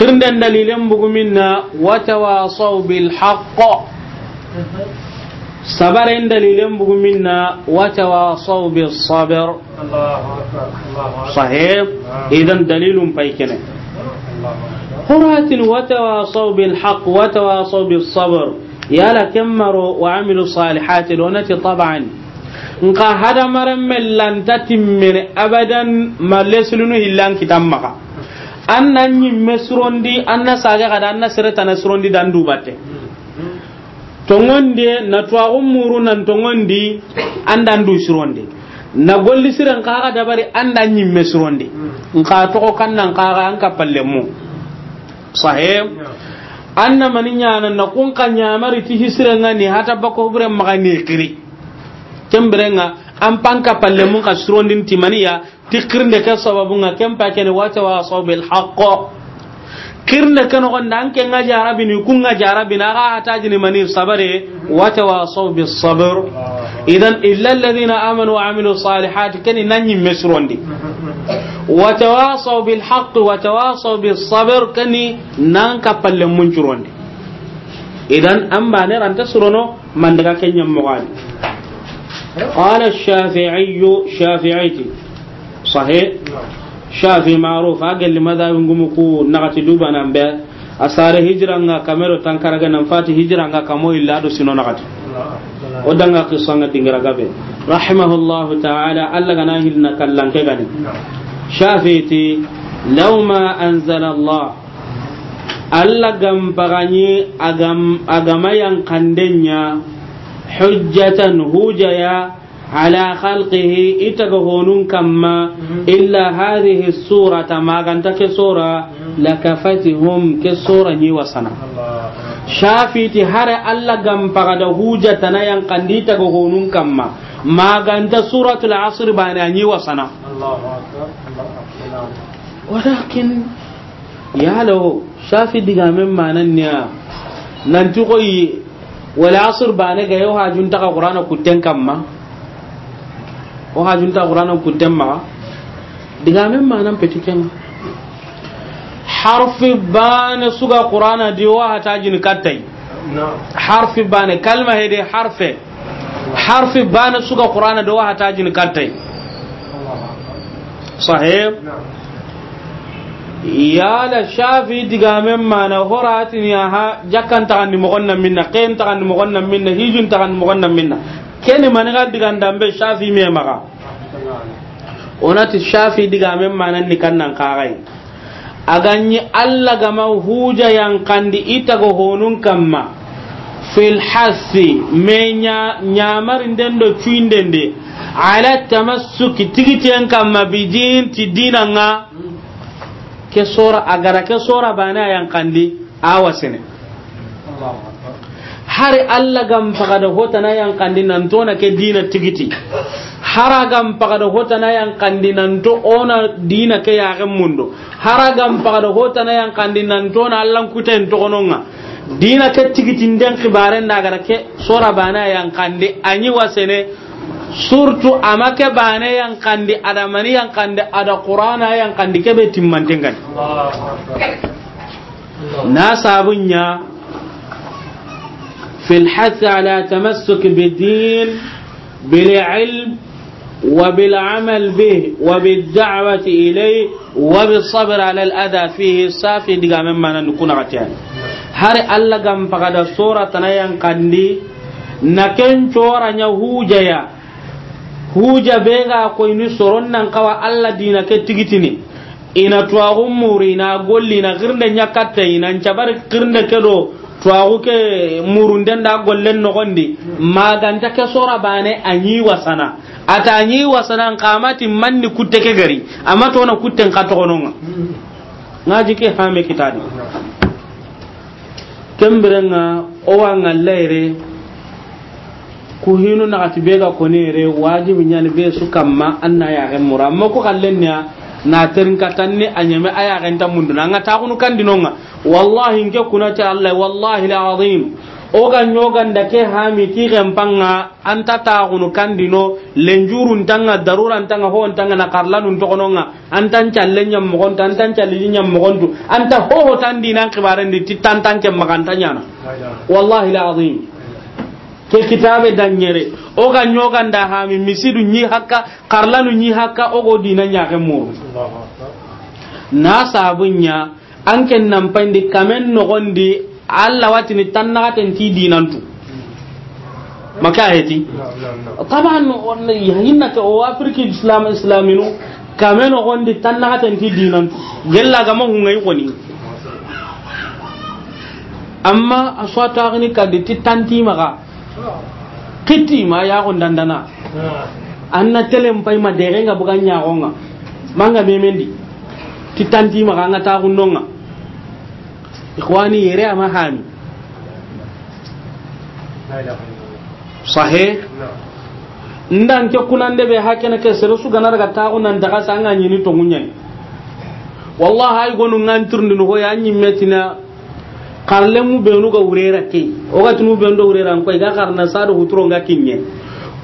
قرن دليل بغمنا وتواصوا بالحق صبر دليل بغمنا وتواصوا بالصبر صحيح اذا دليل بيكنا قرات وتواصوا بالحق وتواصوا بالصبر يا لكمروا وعملوا الصالحات لونتي طبعا nka hadamaren mellantatin ابدا ما ليس hillan kitan maka an nan anna nyimme surondi anna saga kada anna sereta na surondi dan dubate tongonde na tuwa muru nan tongondi dan du surondi na golli siren kaga dabari andan nyimme surondi nka toko nan kaga an ka palle mu sahe anna mani nyana na kun ka nyamari ti hisren ni hata bako bure magani kiri kemberenga an ka palle mu ka surondin timaniya tikirnde ke sababunga ken pakene watawasaw bilhaq kirnde ke nogonda an kenga jarabini kunga jarabini aga hatajini mani sabare watawasaw bisabr idan illa alladhina amanu wa amilu salihati keni nanyi mesrondi watawasaw bilhaq watawasaw bisabr keni nan kapalle muncurondi idan an bane ranta surono man daga kenyan mogani قال الشافعي شافعيتي sahih shafi maruf agel limadha ngumu ku nagati duba nambe asare hijra nga kamero tankaraga nan fati hijra kamo illa do sino nagati o danga qissa nga tingira gabe rahimahullahu ta'ala alla gana hilna kallan ke gani shafi ti law ma anzala allah alla gam bagani agam agama yang kandenya hujjatan hujaya على خلقه إتقهون كما إلا هذه السورة ما كانت سورة لكفتهم كسورة نيوسنا شافيت هر الله قم فقد هوجة نيان قد إتقهون كما ما كانت سورة العصر بانا نيوسنا ولكن يا له شافي دقامين ما ننيا ننتقي والعصر بانا قيوها جنتقى قرآن كتن كما o hajunta qur'ana kuntem ma diga men manan petiken harfi bane suga qur'ana di wa hata jin kattai harfi bane kalma hede harfe harfi bane suga qur'ana di wa hata jin kattai sahib yala shafi diga men mana horatin ya ha ta tagandi mogon nan minna qen tagandi mogon nan minna hijun tagandi mogon nan minna keni mani ga digandambe shafi me maga onati shafi diga men manan ni kannan kagai aganyi alla gama huja yang kandi ita itago honun kamma fil hasi menya nyamarin dendo cuindende ala tamassuki tigitiyen kamma bijin ti dinanga ke sora agara ke sora bana yang kandi awasene Hari Allah gam pagada hotana yang kandinan to na ke dina tigiti hara gam pagada hotana yang kandinan to ona dina ke ya mundo hara gam pagada hotana yang kandinan to na Allah kuten to ononga dina ke tigitin den kibaren da gara ke sora bana yang kandi anyi wasene surtu amake bane yang kandi adamani yang kandi ada qur'ana yang kandi ke be timmantengan na sabunya في الحث على تمسك بالدين بالعلم وبالعمل به وبالدعوة إليه وبالصبر على الأذى فيه سافي دقا مما نكون عتيان هاري ألا قم فقد الصورة تنين قندي نكين شورا نهوجا يا هوجا بيغا koy ni soron ألا دينا كتكتني إنا ke tigitini ina tuwa gummuri na نا na girnde nyakatta ina ncabar twaxu ke murunden da gollen noxondi maganta ke sora bane anyi wasana ata anyi wasana nkamati manni kutte ke gari amma tona kutten xa toxononga ngaji ke hame kitadi o owa ngalleyre ku hinu na be ga konere wajibi ñani be su kamma an na yaxen mura amma na terin katanni anyame aya ganta mundu nanga takunu kandinonga wallahi nke kunati allah wallahi alazim oga nyoganda ke hami ka an ti gempanga anta takunu kandino lenjuru ntanga darura ntanga ho ntanga na an ta karlanu ntokononga ta nchalle nyam mogonta anta nchalle ta mogontu anta ho ho tandi nan kibarendi titantanke magantanya wallahi alazim ke kitabe danyere o ga nyogan da ha mi misidu nyi hakka karlanu nyi hakka o go dina nya ke muru na sabunya an ken nan pandi kamen no gondi alla ni tanna katen ti tu maka heti taban on yahinna ke o afriki islam islaminu kamen no gondi tanna katen ti tu gella ga mo ngai koni amma aswata ni kadi ti tanti maka kiti ma ya on dandana ah. anna telem pay ma dere nga buga nga manga memendi titanti ma nga ta gundonga ikhwani yere ama hami sahe. ndan ke kunande be hakene ke sere su ganar ga ta gunan daga sanga nyini to munyen wallahi ay gonu ngantur ndinu ho ya nyimetina karle mu benu ga urera ke o ga tunu bendo urera ko ga karna sado hutro ga kinye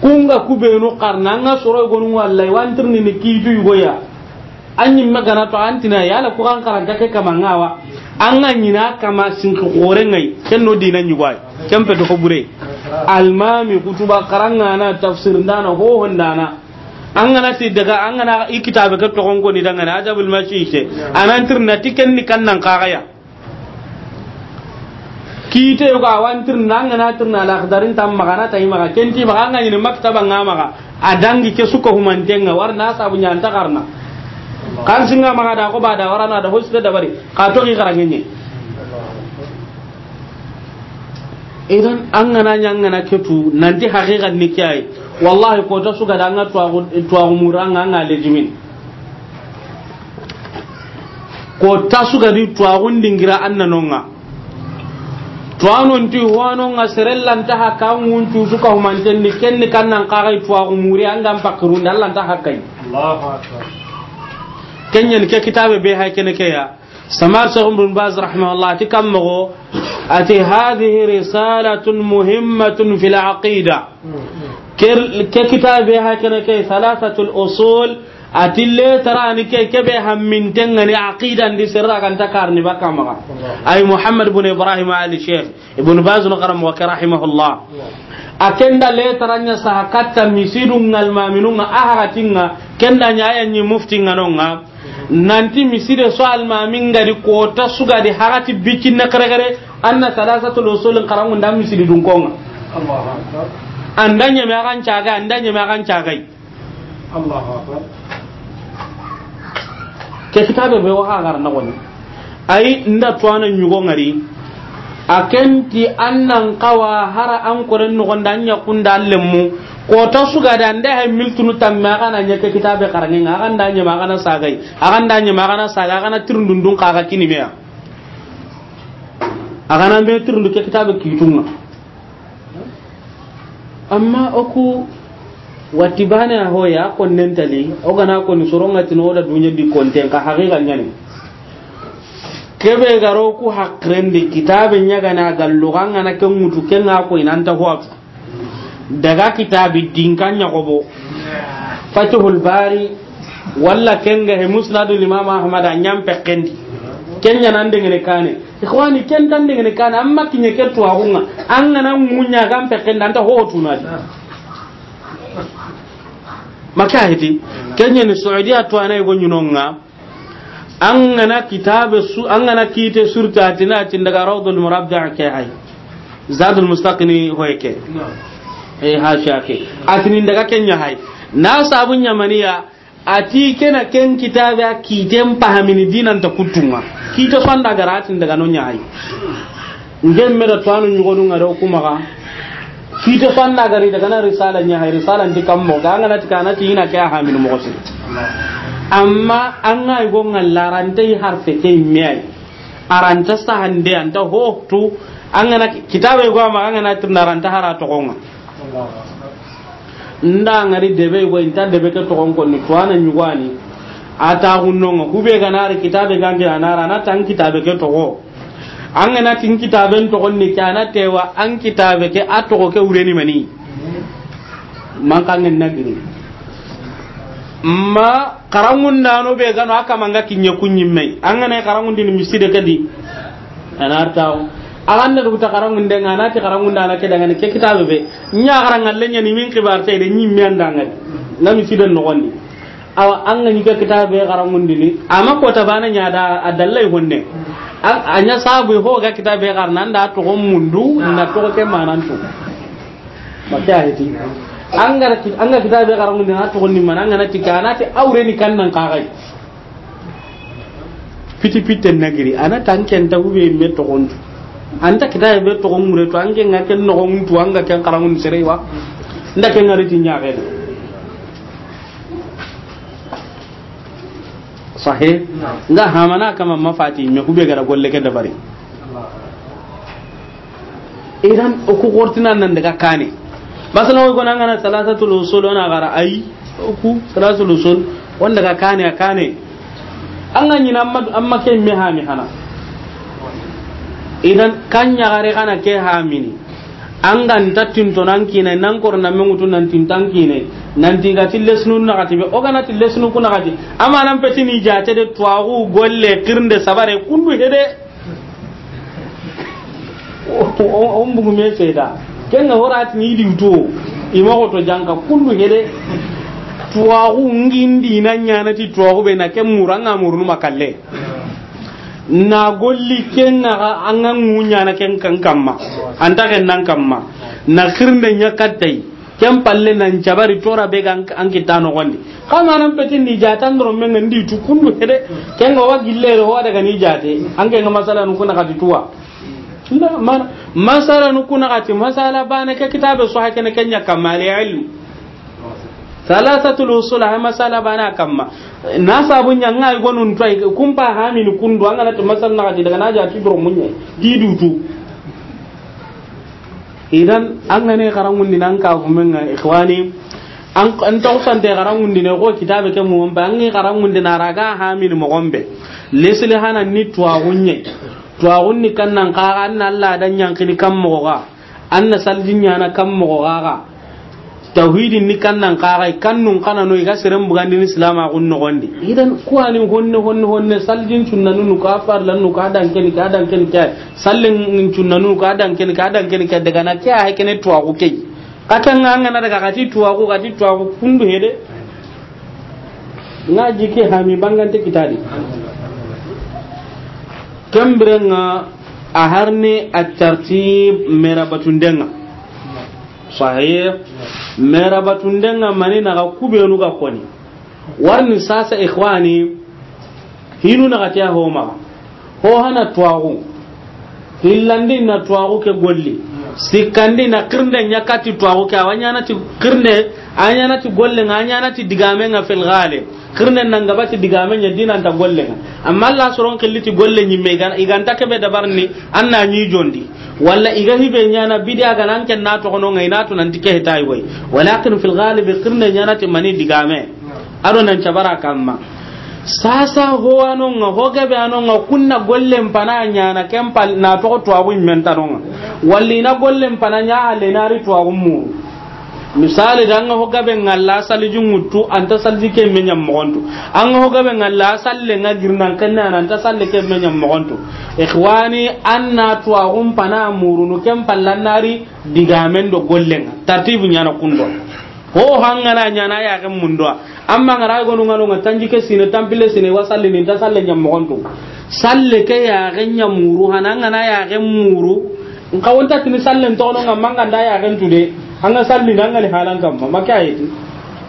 kunga ku benu karna nga soro nu wallahi tirni ni ki kitu goya anyi magana to antina yala ku kan karanta ke kama ngawa an ga nyina kama sin ko gore ngai ken no dinan yi gwai ken pe do ko bure almami kutuba karanga na tafsir ndana ho hondana an gana ti daga an gana ikitabe ka to ko ni daga ajabul mashi ke anan tirna tiken ni kannan kagaya kite ko awan tirna ngana tirna la khadarin tam magana tay maga kenti maga ngani maktaba a dangi ke suko humantenga warna sabunya anta karna kan singa maga da ko ba bada warana da hosta da bari ka to ki karangenye idan an ngana nyangana ketu nanti haqiqan ni kyai wallahi ko to suga da anga tuwa muranga anga lejimin ko ta suga ni tuwa gundingira annanonga tuwanunti huwanu nga serellanta ha kan wuncu suka humantenni kenni kan nan kaxay tuwaxu muri angan pakkirundi allanta ha kay kenyen ke kitabe be hay kene keya samar sahum bin baz rahimahullah ti kam mogo ati hadhihi risalatun muhimmatun fil aqida ke kitabe hay kene ke thalathatul usul atille tarani ke kebe hammintengani aqidan di serra kanta karni baka maga ay muhammad ibn ibrahim ali sheikh ibn baz no karam wa rahimahullah akenda le taranya sahakatta misidun ngal maminunga aharatinga kenda nyaaya nyi muftinga nonga nanti miside so al almamin gadi kota di harati bikin na kare kare anna salasatul usul karangun dan misidi dun konga andanya me akan caga andanya me akan cagai Allahu akbar ke kitabe be wa hagar na wani ai nda tuana nyugo ngari akenti annan kawa hara an koren no gonda nya kunda lemu ko ta suga da nda hay miltunu tamma kana nya ke kitabe karange nga kan da nya magana sagai akan da nya magana saga kana tirndundun kaga kini meya akana be tirndu ke kitabe kitunga amma oku wati bane a hoya konnen tali o gana koni sorongati tino da dunya di konten ka haqiqa nyani kebe garo ku hakren hakrendi kitabe nyaga na galluganga na ken mutu ken ga ko inanta huwa daga kitabi dinkan nya gobo fatihul bari walla ken ga he musnadul imam ahmad an anyam pekendi ken nya nan dengene kane ikhwani ken tan dengene kane amma kinye ke tuwa an nan munya gam pekenda anta ho tunadi makahiti mm. kenya ni saudiya to anai go nyinonga an gana kitabe su an gana kite surta tina tin daga rawdul murabda ke ai zadul mustaqni hoyke eh ha shake atini daga kenya hai na sabun yamaniya ati kena ken kitabe kiten pahamini dinan ta kutunga kito fanda garatin daga no nyai mm. ngem meda tanu nyugo dunga do kuma fito sanna gari daga nan risalan ya hayi risalan di mo ga na tika na ti ina ha min mo amma an ngai go ngallaran dai harfe ke miyai aranta sa hande anta tu an ngana kitabe go ma an ngana tinaran ta hara to gonga nda ngari debe go inta debe ka to ko ni ana nyugwani ata gunnonga kube ganari kitabe gangira anara na tan kitabe ke to go an gana tin kitaben to gonni kana tewa an kitabe ke atogo ke ureni mani man kan nan nagiri ma karangun da no be gano aka manga kinye kunyin mai an gana karangun din miside kadi anartaw agan da rubuta karangun da ngana ta karangun da nake daga ke kitabe be nya karangan lenya ni min kibar sai da nyim mi da ngal na miside no gonni awa an gani ga kitabe karangun din amma ko ta bana nya da adallai honne a anya sabu ho ga kitabe garna nda to go mundu ah. na to ke manan to makya hiti angara ki anga kitabe garna nda to go ni manan ngana ti kana ti aure ni kannan ka gai piti piti nagiri ana an ta hube me to gontu anta kitabe be to go mure to ange ngaken no go mutu anga ken karangun serewa nda ken ngari ti nyaake sahih nga hamana kama mafati me kube gara golle ke dabari idan oku gortina nan daga kane masala ko nan ngana salatul usul ona gara ai oku salatul usul wanda daga kane kane an ganyi na amma ke me hami hana idan kanya gare kana ke hamini angan tattin to nan kine nan kor na mengu tun nan tin tan kine nan diga tilesnun na gatibe o gana tilesnun kuna gati amma nan peti ni jate de twagu golle kirnde sabare kundu hede o bugu me seda na horat ni di uto ko to janka kundu hede twagu ngindi nan nyana ti twagu be na muranga murnu makalle na golli ken na an munya na ken kan kamma an ken nan kamma na khirne nya kattai ken palle nan jabari tora be gan an kitano gondi kama nan petin ni jatan ro men ndi tu kundu hede ken o wagille ro wada daga ni jate an ken masala nu kuna kadituwa masala nu kuna kati masala bana ke kitabe so hakene kenya kamali ilmu salasatul usul ha masala bana kamma na sabun nya ngai gonun toy kumpa ha min kundu an na to masal na daga na ja tibro munye didutu idan an ne garan mun dinan ka gumen ikhwani an an ta usan da garan mun dinan ko kitabe ke mun ba an garan mun dinan araga ha min mu gombe lesli hanan ni tuwa gunye tuwa gunni kan nan ka an Allah dan yankini kan mo ga an na saljin yana kan mo ga tauhidin ni kannan kaga kannun kana no iga sirin bugandi ni islama kun no gondi idan ko ani honne honne honne saljin cunnanu nu kafar lan nu dan ken dan ken kay sallin ka dan ken dan ken ka daga na kya hay ken tuwa ku kay katan ngana daga kati tuwa ku kati tuwa ku kundu hede nga ke hami bangante kitadi kambrenga aharni at-tartib merabatundenga sahih mera batunden ga mani naga kubenu ga koni warni sasa ikhwani hinu naga tiya homa ho hana tuwaku hillandi na tuwaku ke golli sikandi na kirnde nyakati to ko ke awanya na ti kirnde anya na ti golle nga na ti digame nga fil gale kirnde nan gaba ti digame nya dina ta golle nga amma Allah soron killiti golle nyi megan iganta dabar ni anna nyi jondi walla iga hibe nyana bidia ga nan ken na to no ngai na to nan ke tai wai walakin fil ghalib kirnde nyana ti mani digame ado nan cabara kamma sasa howanonga hogabe anonga kunna gollen pana ñana na pal na togo menta immentanonga walli ina ale na ri to tuwabu mu misali da anga hogabe ngalla sali mutu anta salji ke me nyam mogonto anga hogabe ngalla salle nga girna kanna anta salle ke me nyam mogonto ikhwani anna to agum pana murunu kempal lanari digamen do golle tartibu nyana kundo ho hangana na ya kan mundo amma ngara go nunga nunga tanji ke sine tampile sine wasalle ni ta salle nyam mogonto salle ke ya ga nyam muru hananga na ya ga muru ka wonta tini salle to no manga da ya ga tude hanga salle nanga le halan kam ma makai ti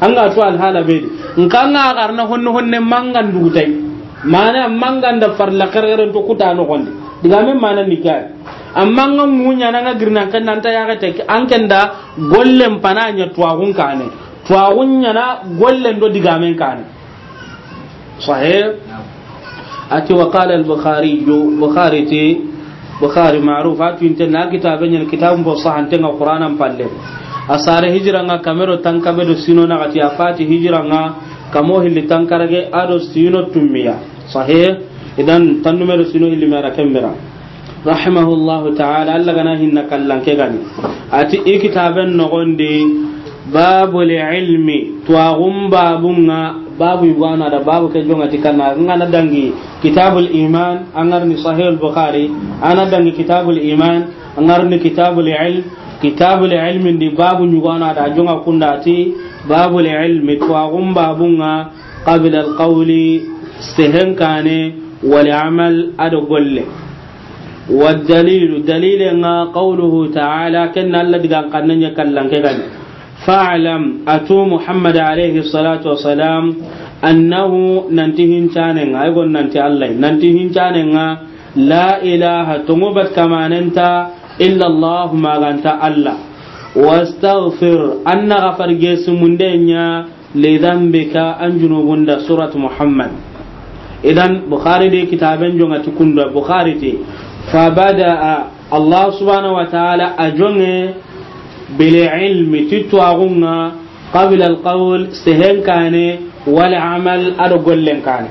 hanga to al hala be nka nga garna honno honne mangan dugutai mana mangan da farla karere to kuta no gonde diga men mana ni kai amma ngam munya na nga girna kan nan ta ya ga tek an kan da gollen pananya tuwagun kane tuwa nya na gollen do diga men kane sahih ati wa qala al bukhari bukhari ti bukhari ma'ruf ati inta na kitabin al kitab bo sahan tan qur'anan palle asare hijra nga kamero tanka kabe do sino na ati afati hijra nga kamo hilli tan ado sino tummiya sahih idan tanumero sino illimera kembera rahimahullahu ta'ala allah gana hinna ke gani ati i kitaben nogondi babul ilmi tuwagun babunga babu igwana da babu ke jonga tikanna ngana dangi kitabul iman angarni sahih al-bukhari ana dangi kitabul iman angarni kitabul ilm kitabul ilm ndi babu nyugwana da jonga kunda babu babul ilmi tuwagun babunga qabla al-qawli sehen kane والعمل أدقل والدليل دليل قوله تعالى كن الذي قال قلنا يكلم كذا فاعلم أتو محمد عليه الصلاة والسلام أنه ننتهن تانين أيقول ننتهي الله ننتهن تانين لا إله تموبت كما ننتا إلا الله ما غنتا الله واستغفر أن غفر جيس مندين لذنبك أن جنوب سورة محمد idan bukhari de kitaben jonga tikunda bukhari te fa bada allah subhanahu wa ta'ala ajonge bil ilmi titwagunga qabla al qawl sehen kane wal amal ado gollen kane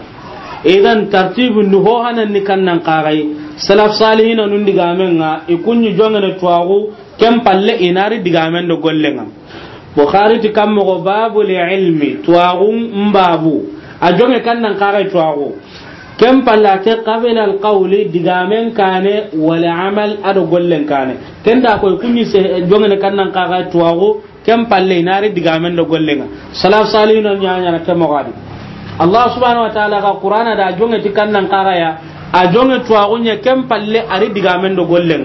idan tartibu nu hanan ni qarai salaf salihin nun digamenga ikunni jonga ne twagu kem palle inari digamen do gollenga bukhari ti kammo babu ilmi twagun mbabu a jonge kan nan kaga tuwago ken pallate qabila alqawli digamen kane wala amal ado gollen kane tenda da kunni se eh, jongene kan nan kaga tuwago ken palle nari digamen do gollen salaf salihun nyanya na kemo gadi allah subhanahu wa ta'ala ka qur'ana da jonge kan nan kaga ya a jonge tuwago nya kem palle ari digamen do gollen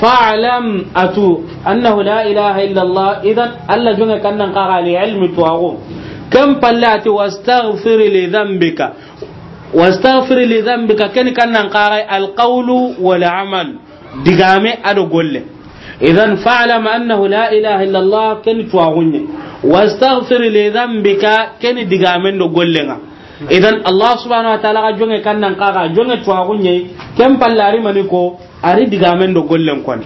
fa'lam atu annahu la ilaha illa allah idan alla jonge kan nan kaga ilmi tuwago kan pala wasafin lizambika wasafin lizambika kani kan na kare alƙawulu wala aman diga ame a da gole idan faala ma ana wula ilaha illa allah kani tuwa kunɲe wasafin lizambika kani diga ame a nga. idan allah subhana ta ala ka joŋe kan na kaa ka joŋe tuwa kunɲe kan ko ari diga ame a da gole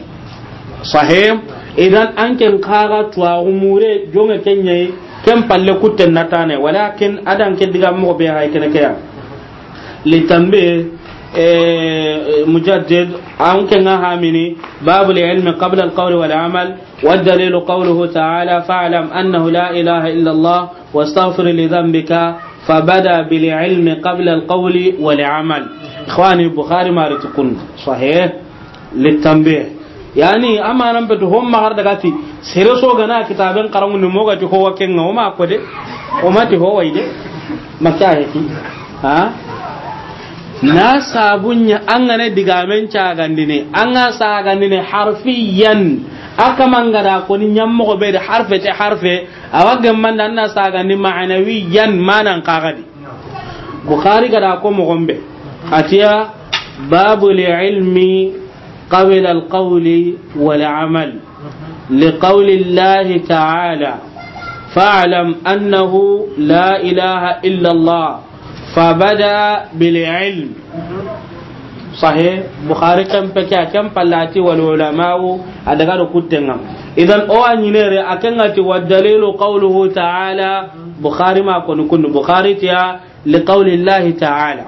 idan an kan kaa ka tuwa kunɲe ken palle kutten natane walakin adan ke diga mo be hay ken ke li tambe e, an ken ha babu li ilmi qabla al qawl wal amal wad dalil qawluhu ta'ala fa'lam annahu la ilaha illa allah wastaghfir li dhanbika فبدا بالعلم قبل القول والعمل اخواني البخاري ما رتقن صحيح للتنبيه yani amma nan amanan beto ma har daga ti sere so gana kitaben karangu ni moga ti howa kenga o ma ko de o ma ti howa ide makya ti ha na sabunya an ga gane digamen cagandi ne an ga sa sagandi ne harfiyan aka mangara ko ni nyammo ko be da harfe te harfe awaga man dan na sa sagandi ma'anawiyan manan kagadi bukhari ga da ko mo gombe atiya babu li ilmi قبل القول والعمل لقول الله تعالى فاعلم انه لا اله الا الله فبدا بالعلم صحيح بخاري كم بكا كم بلاتي والعلماء هذا ادغار كوتنغام اذا او انيري اكنغتي والدليل قوله تعالى بخاري ما كن كن بخاري تيا لقول الله تعالى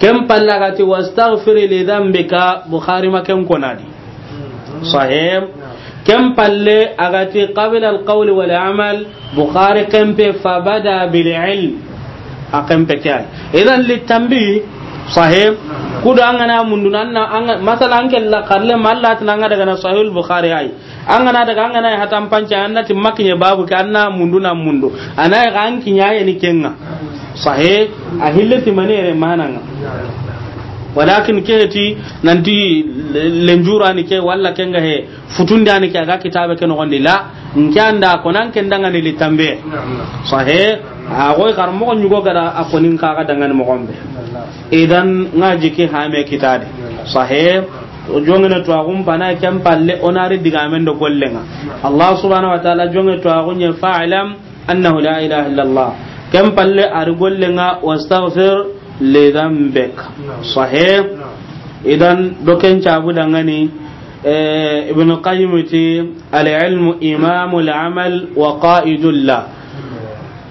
kem pallagati wastaghfir li dhanbika bukhari ma kem konadi sahih kem palle agati al alqawli wal amal bukhari kem pe fabada bil ilm a kem pe kay idan litambi sahih kudu an gana mundu nan na masala an la karle malla tan an daga na sahih bukhari ai an gana daga an gana hatan panca timmakin makinye babu ka anna mundu nan mundu anai ga an ya ni kenga sahe a hillati manere mananga walakin keheti nanti lenjurani ke walla kenga he futundani ke aga kitabe ke nogondi la ke anda konan ken dangani litambe sahe agoy e kar mogo nyugo gada akonin kaga idan ngaji ke hame kitade sahe jongene to agum bana kem palle onari digamen do gollenga allah subhanahu wa ta'ala jongene to agunya fa'lam annahu la ilaha illallah kem palle ari gollenga wastaghfir li dhanbik sahih idan doken cabu dangani e, ibn qayyim ti al ilmu imamu al amal wa qa'idul la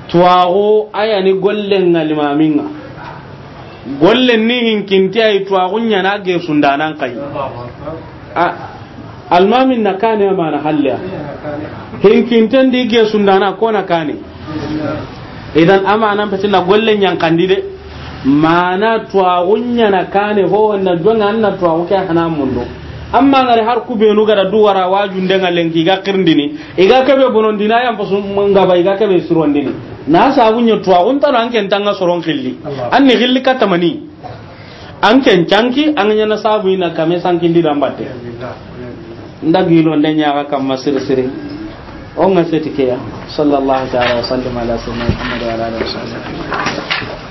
tuwago ayani gollenga limaminga gollen ni hinkinti ay tuwago nyana ge sundanan kai almamin na kane ma na halya hinkintan di ge sundana ko na kane idan amana pati na gollen yankandi de mana tuwagunya na kane ho wanda don an na tuwa ke hana mundo amma ngare har ku benu gara duwara wajun denga lenki ga kirndini iga bonon dina yan fasu ngaba iga suron dini na tuwa tuwagun tano an kentanga soron khilli an ni khilli tamani an kencanki an nyana sabu ina kame sankindi dambatte ndagilo ndenya ga kam masir siri on ga sai tike ya sallallahu ta'ala wa sallama ala sayyidina muhammad wa ala alihi wa sahbihi